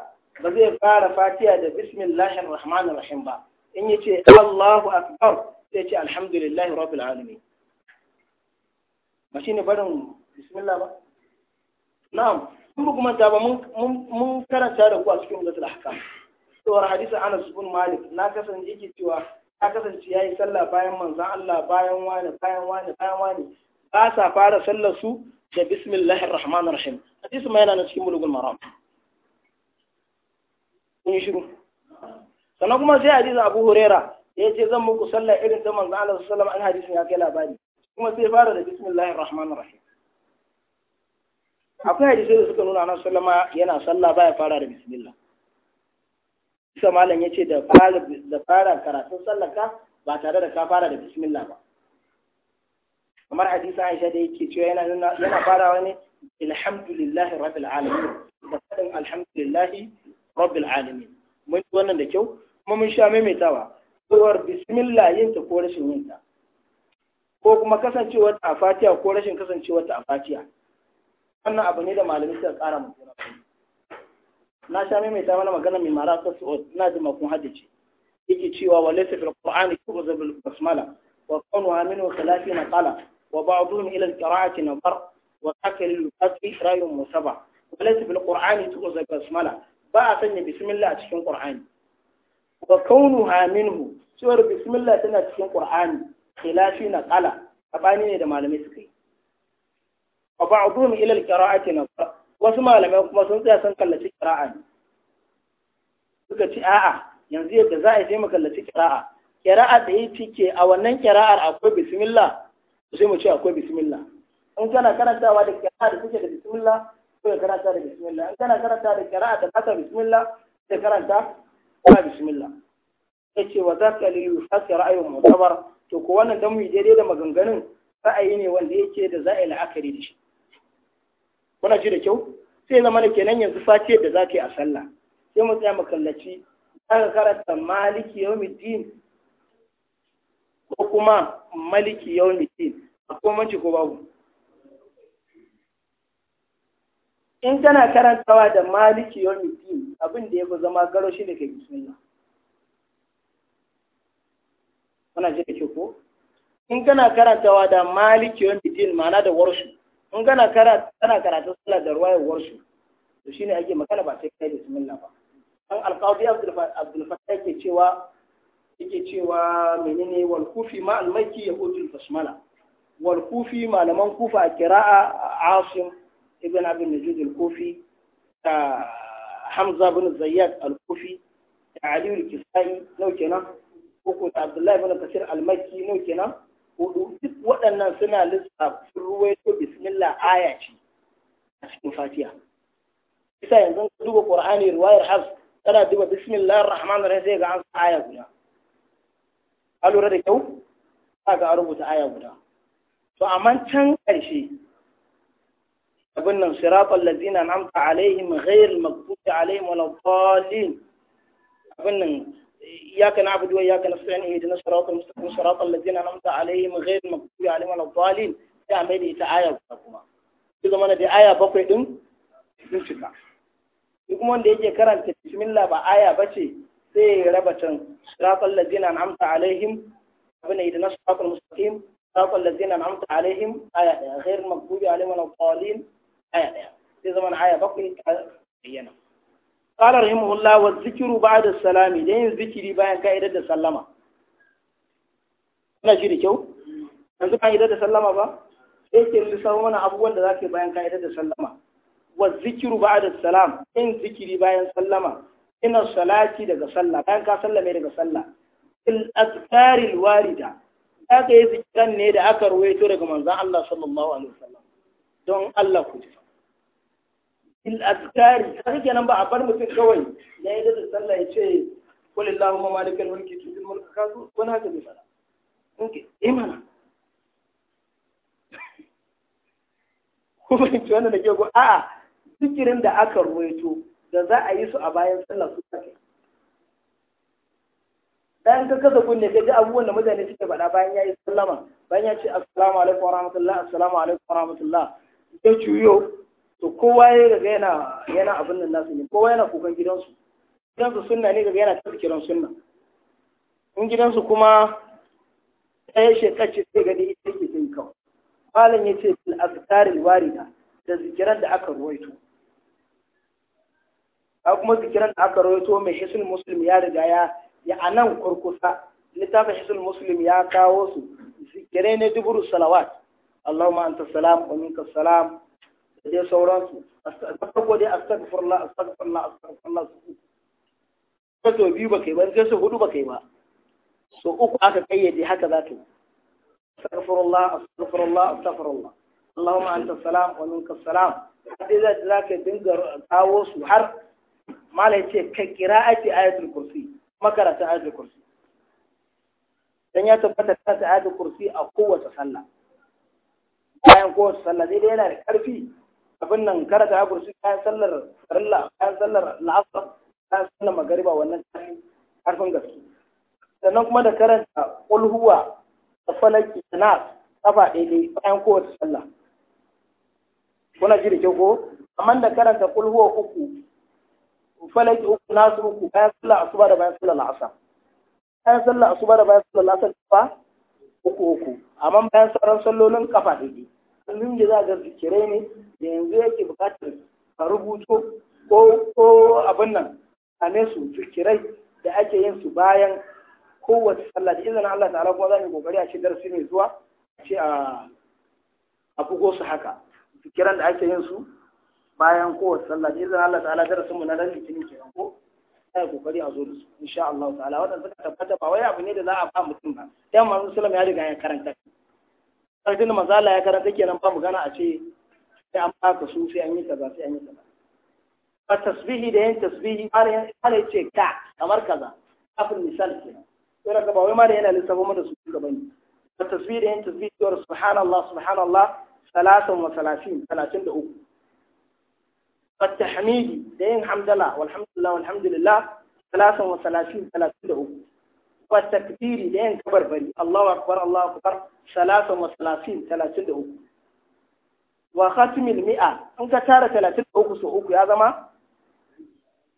ba zai fara fatiha da bismillahir rahmanir rahim ba in yace Allahu akbar sai ce alhamdulillahi rabbil alamin ba shine barin bismillah ba na'am Kuma ba kuma ba mun karanta da kuwa a cikin wadatul ahkam tsawar hadisa Anas bin Malik na kasance yake cewa ta kasance yayi sallah bayan manzon Allah bayan wani bayan wani bayan wani ba sa fara sallar su da bismillahir rahmanir rahim hadisi ma yana na cikin bulugul maram kun shiru sannan kuma sai hadisi Abu Huraira ya ce zan muku sallah irin ta manzon Allah sallallahu alaihi wasallam an hadisin ya kai labari kuma sai fara da bismillahir rahmanir rahim akwai hadisai da suka nuna nan sallama yana sallah baya fara da bismillah isa malam yace da fara da fara karatun sallarka ba tare da ka fara da bismillah ba kamar hadisi Aisha da yake cewa yana yana farawa ne alhamdulillahi rabbil alamin da fadin alhamdulillahi rabbil alamin mun wannan da kyau kuma mun sha maimaitawa cewar bismillah ta ko rashin yinta ko kuma kasancewar ta fatiha ko rashin kasancewar ta fatiha wannan abu ne da malamai suka kara mu na sha ta mana magana mai mara ta su'ud ina ji makon hadisi yake cewa wa laysa fil qur'ani kubuzu bil basmala wa wa minhu na qala wa ba'dhum ila al qira'ati nazar wa akal al qasbi rayun musaba wa laysa fil qur'ani kubuzu bil basmala ba a sanya bismillah a cikin qur'ani wa kaunu Aminu cewa bismillah tana cikin qur'ani na qala abani ne da malamai suka yi wa ba'dhum ila al-qira'ati nazar wasu malamai kuma sun tsaya sun kallaci qira'a ne suka ci a'a yanzu yadda za a yi sai mu kallaci qira'a qira'a da yake ke a wannan qira'ar akwai bismillah sai mu ce akwai bismillah in kana karantawa da qira'a da suke da bismillah sai karanta da bismillah in kana karanta da qira'a da kasa bismillah sai karanta ba bismillah yace wa zaka li yufasi ra'ayun mutabar to ko wannan dan mu daidai da maganganun ra'ayi ne wanda yake da za'il akari da shi kuna ji da kyau sai zama da kenan yanzu sace da za ka yi a sallah sai mu tsaya mu kallaci aka karanta maliki din ko kuma maliki yawmiddin akwai manci ko babu in kana karantawa da maliki din abin da ya fi zama garo shi ne kai bismillah kuna ji da kyau ko in kana karantawa da maliki din ma'ana da warsu in kana ana karatun sallah da ruwayar su to shine ake magana ba sai kai bismillah ba an alqadi abdul fatah yake cewa yake cewa menene wal kufi ma al makki yahudul basmala wal kufi malaman kufa a qira'a asim ibn abi najud al kufi ta hamza bin zayyad al kufi ta ali al kisai nau kenan ko ko abdullah ibn kasir al makki nau kenan hudu duk waɗannan suna lissafa sun ruwaito bismillah aya ce a cikin Fatiya. Isa yanzu ka duba qur'ani ruwayar hafs tana duba bismillahir rahmanir rahim sai ga an aya guda a lura da kyau za ga rubuta aya guda to amma can ƙarshe abin nan siratal ladzina an'amta alaihim ghayril maghdubi alaihim waladdallin abin nan إياك نعبد وإياك نستعين اهدنا الصراط المستقيم صراط الذين أنعمت عليهم غير المغضوب عليهم ولا الضالين sai a da ita aya kuma duk mana da aya bakwai cika duk wanda yake karanta bismillah ba aya bace sai ya raba can siratal ladzina an'amta alaihim abin idan siratal mustaqim siratal ladzina an'amta alaihim aya daya ghairul maghdubi alaihim waladdallin aya daya sai zaman ta bayyana qala rahimahullah wa zikru ba'da salami da yin zikiri bayan ka idar da sallama kana shi kyau yanzu ka idar da sallama ba sai ke lissafa abubuwan da zaka yi bayan ka idar da sallama wa zikru ba'da salam in zikiri bayan sallama ina salati daga sallah bayan ka sallame daga sallah il azkaril warida aka yi zikiran ne da aka ruwaito daga manzon Allah don Allah ku il azkari kaga kenan ba a bar mutum kawai ya yi da sallah ya ce qul allahumma malikal mulki tu'til mulka kazu wani haka bai fara in imana eh ko fahimci wannan da ke go a'a zikirin da aka ruwaito da za a yi su a bayan sallah su kai bayan ka kasa kunne ka ji abubuwan da mutane suke faɗa bayan ya yi sallama bayan ya ce assalamu alaikum wa rahmatullah assalamu alaikum wa rahmatullah ya ciyo to kowa ya daga yana yana abin nan nasu ne kowa yana kukan gidansu gidansu sunna ne daga yana ta kiran sunna in gidansu kuma ta yi shekacce sai gani ita ke tun kawai malam ya ce bil azkaril warida da zikiran da aka ruwaito a kuma zikiran da aka ruwaito mai hisul muslim ya riga ya ya anan kurkusa littafin hisul muslim ya kawo su zikirai na duburu salawat Allahumma anta salam wa minka salam da dai sauransu farko dai astaghfirullah astaghfirullah astaghfirullah su ka to biyu baka yi ba kai so hudu baka yi ba so uku aka kayyade haka za ka yi astaghfirullah astaghfirullah astaghfirullah Allahumma anta salam wa minka salam sai za za ka dinga kawo su har malai ce ka kira ake ayatul kursi makaranta ayatul kursi dan ya tabbata ta ayatul kursi a kowace sallah bayan kowace sallah dai yana da karfi abin nan karanta ya su, kayan sallar rilla kayan sallar la'asar kayan sallar magariba wannan kayan harfin gaske sannan kuma da karanta ƙulhuwa da falaki da nas kafa daidai bayan kowace sallah kuna ji da kyau ko amma da karanta ƙulhuwa uku falaki uku nasu uku bayan sallar asuba da bayan sallar la'asar Kayan sallar asuba da bayan sallar la'asar kafa uku uku amma bayan sauran sallolin kafa daidai kullum da za ga zikirai ne da yanzu yake bukatar a rubuto ko abin nan a ne su zikirai da ake yin su bayan kowace sallah da izinin Allah ta'ala kuma za a yi kokari a ce darasi mai zuwa ce a bugo su haka zikiran da ake yin su bayan kowace sallah da izinin Allah ta'ala darasin mu na ran litinin kenan ko sai kokari a zo da su insha Allah ta'ala wadanda suka tabbata ba wai abu ne da za a ba mutum ba sai manzon sallallahu ya riga ya karanta karfin mazala ya karanta kenan ba magana a ce sai an baka su sai an yi kaza sai an yi kaza fa tasbihi da yin tasbihi ala ya ce ka kamar kaza kafin misal kenan sai raka ba wai ma da yana lissafo mana su duka bane fa tasbihi da yin tasbihi wa subhanallah subhanallah salasan wa salasin talatin da uku fa tahmidi da yin hamdala walhamdulillah walhamdulillah salasan wa salasin talatin da uku wa takbiri da yin kabarbari Allahu akbar Allahu akbar salasa wa salasin talatin da uku wa mi'a in ka tara talatin da uku so uku ya zama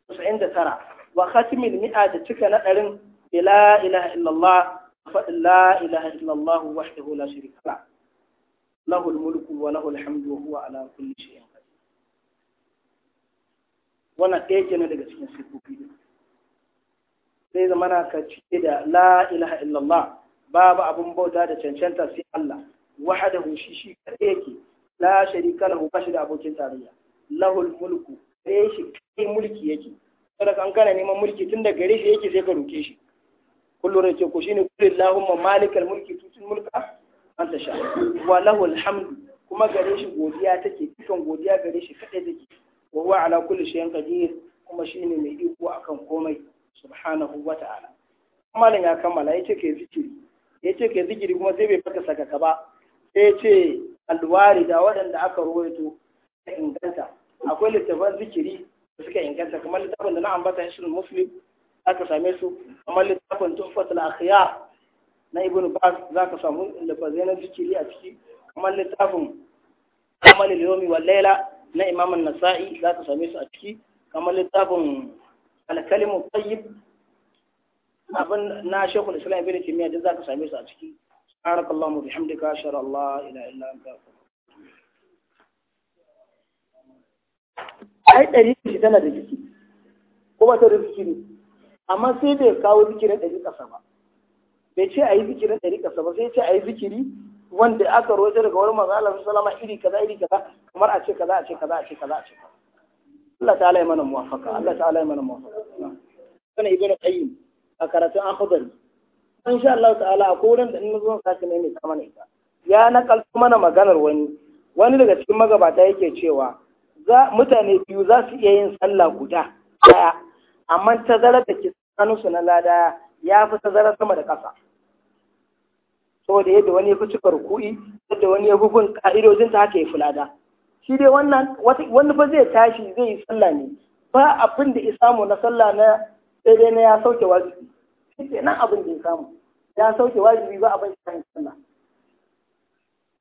tasa'in da tara wa mi'a da cika na ɗarin ila ilaha illallah faɗin la ilaha illallah wahdahu la sharika lahul mulku wa lahul hamdu wa ala kulli daga cikin sifofi sai zamana ka cike da la ilaha illallah babu abun bauta da cancanta sai Allah wahdahu shi shi kadai yake la sharika lahu ba shi da abokin tarayya lahul mulku sai shi kai mulki yake kada kan kana neman mulki tun da gare shi yake sai ka roke shi kullu race ko shine kullu allahumma malikal mulki tutul mulka anta sha wa lahul hamdu kuma gare shi godiya take dukan godiya gare shi kadai take wa huwa ala kulli shay'in qadir kuma shine mai iko akan komai subhanahu wa ta'ala malam ya kammala ya ce ke zikiri Ya ce ke zikiri kuma sai bai fata sakaka ba sai yace alwari da waɗanda aka ruwaito a inganta akwai littafan zikiri da suka inganta kamar littafin da na ambata shi muslim aka same su kamar littafin tuhfatul akhyar na ibn bas za ka samu lafazai na zikiri a ciki kamar littafin Amalil, wal na imam an-nasa'i za ka same su a ciki kamar littafin alkalimu tayyib abin na shekul islam ibn taymiya duk ka same su a ciki subhanakallahu wa bihamdika ashhadu an la ilaha illa anta ai ɗari shi tana da jiki ko ba ta da zikiri amma sai bai kawo zikirin ɗari ƙasa ba bai ce a yi zikirin ɗari ƙasa ba sai ce a yi zikiri wanda aka roƙe daga wani manzo Allah sallallahu alaihi wasallam iri kaza iri kaza kamar a ce kaza a ce kaza a ce kaza a ce kaza Allah ta ya mana muwafaka Allah ta ya mana muwafaka kana ibnu qayyim a karatun In sha Allah ta'ala a koren da in zo sake ne mai kama ita ya nakalto mana maganar wani wani daga cikin magabata yake cewa za mutane biyu za su iya yin sallah guda daya amma tazarar da ke su na lada ya fi tazarar sama da ƙasa saboda yadda wani ya fi cikar kuɗi, yadda wani ya fi bin ka'idojin ta haka ya fi lada shi dai wannan wani fa zai tashi zai yi sallah ne ba abin da ya samu na sallah na daidai na ya sauke wajibi shi ke nan abin da ya samu ya sauke wajibi ba abin da ya sallah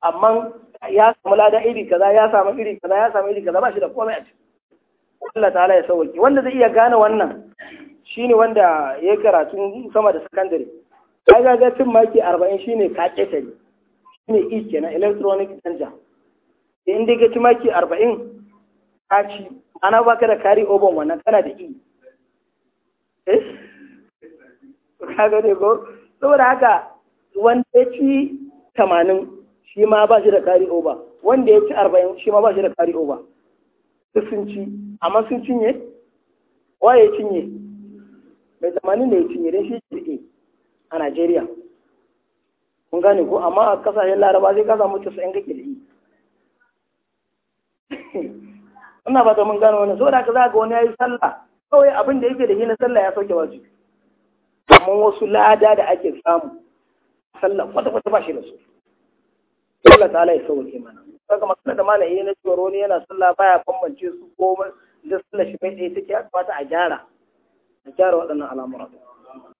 amma ya samu lada iri kaza ya samu iri kaza ya samu iri kaza ba shi da komai a ciki Allah ta'ala ya sauke wanda zai iya gane wannan shine wanda ya karatu sama da sakandare kaga ga cin maki 40 shine ka ketare shine ike e na electronic center in dai ka ci maki arba'in ka ci ana baka da kari oban wannan kana da i eh ka ne ko saboda haka wanda ya ci tamanin shi ma ba shi da kari oba wanda ya ci arba'in shi ma ba shi da kari oba Su sun ci amma sun cinye waye cinye mai tamanin da ya cinye dan shi ke a Najeriya kun gane ko amma a kasashen laraba sai ka samu 90 kake da i ina ba ta mun gano wannan saboda ka za ga wani yayi sallah kawai abin da yake da shi na sallah ya sauke wasu amma wasu lada da ake samu sallah kwata kwata ba shi da su Allah ala ya sauke mana kaga magana da malai na cewa wani yana sallah baya bambance su ko da sallah shi mai take ya kamata a gyara a gyara waɗannan al'amuran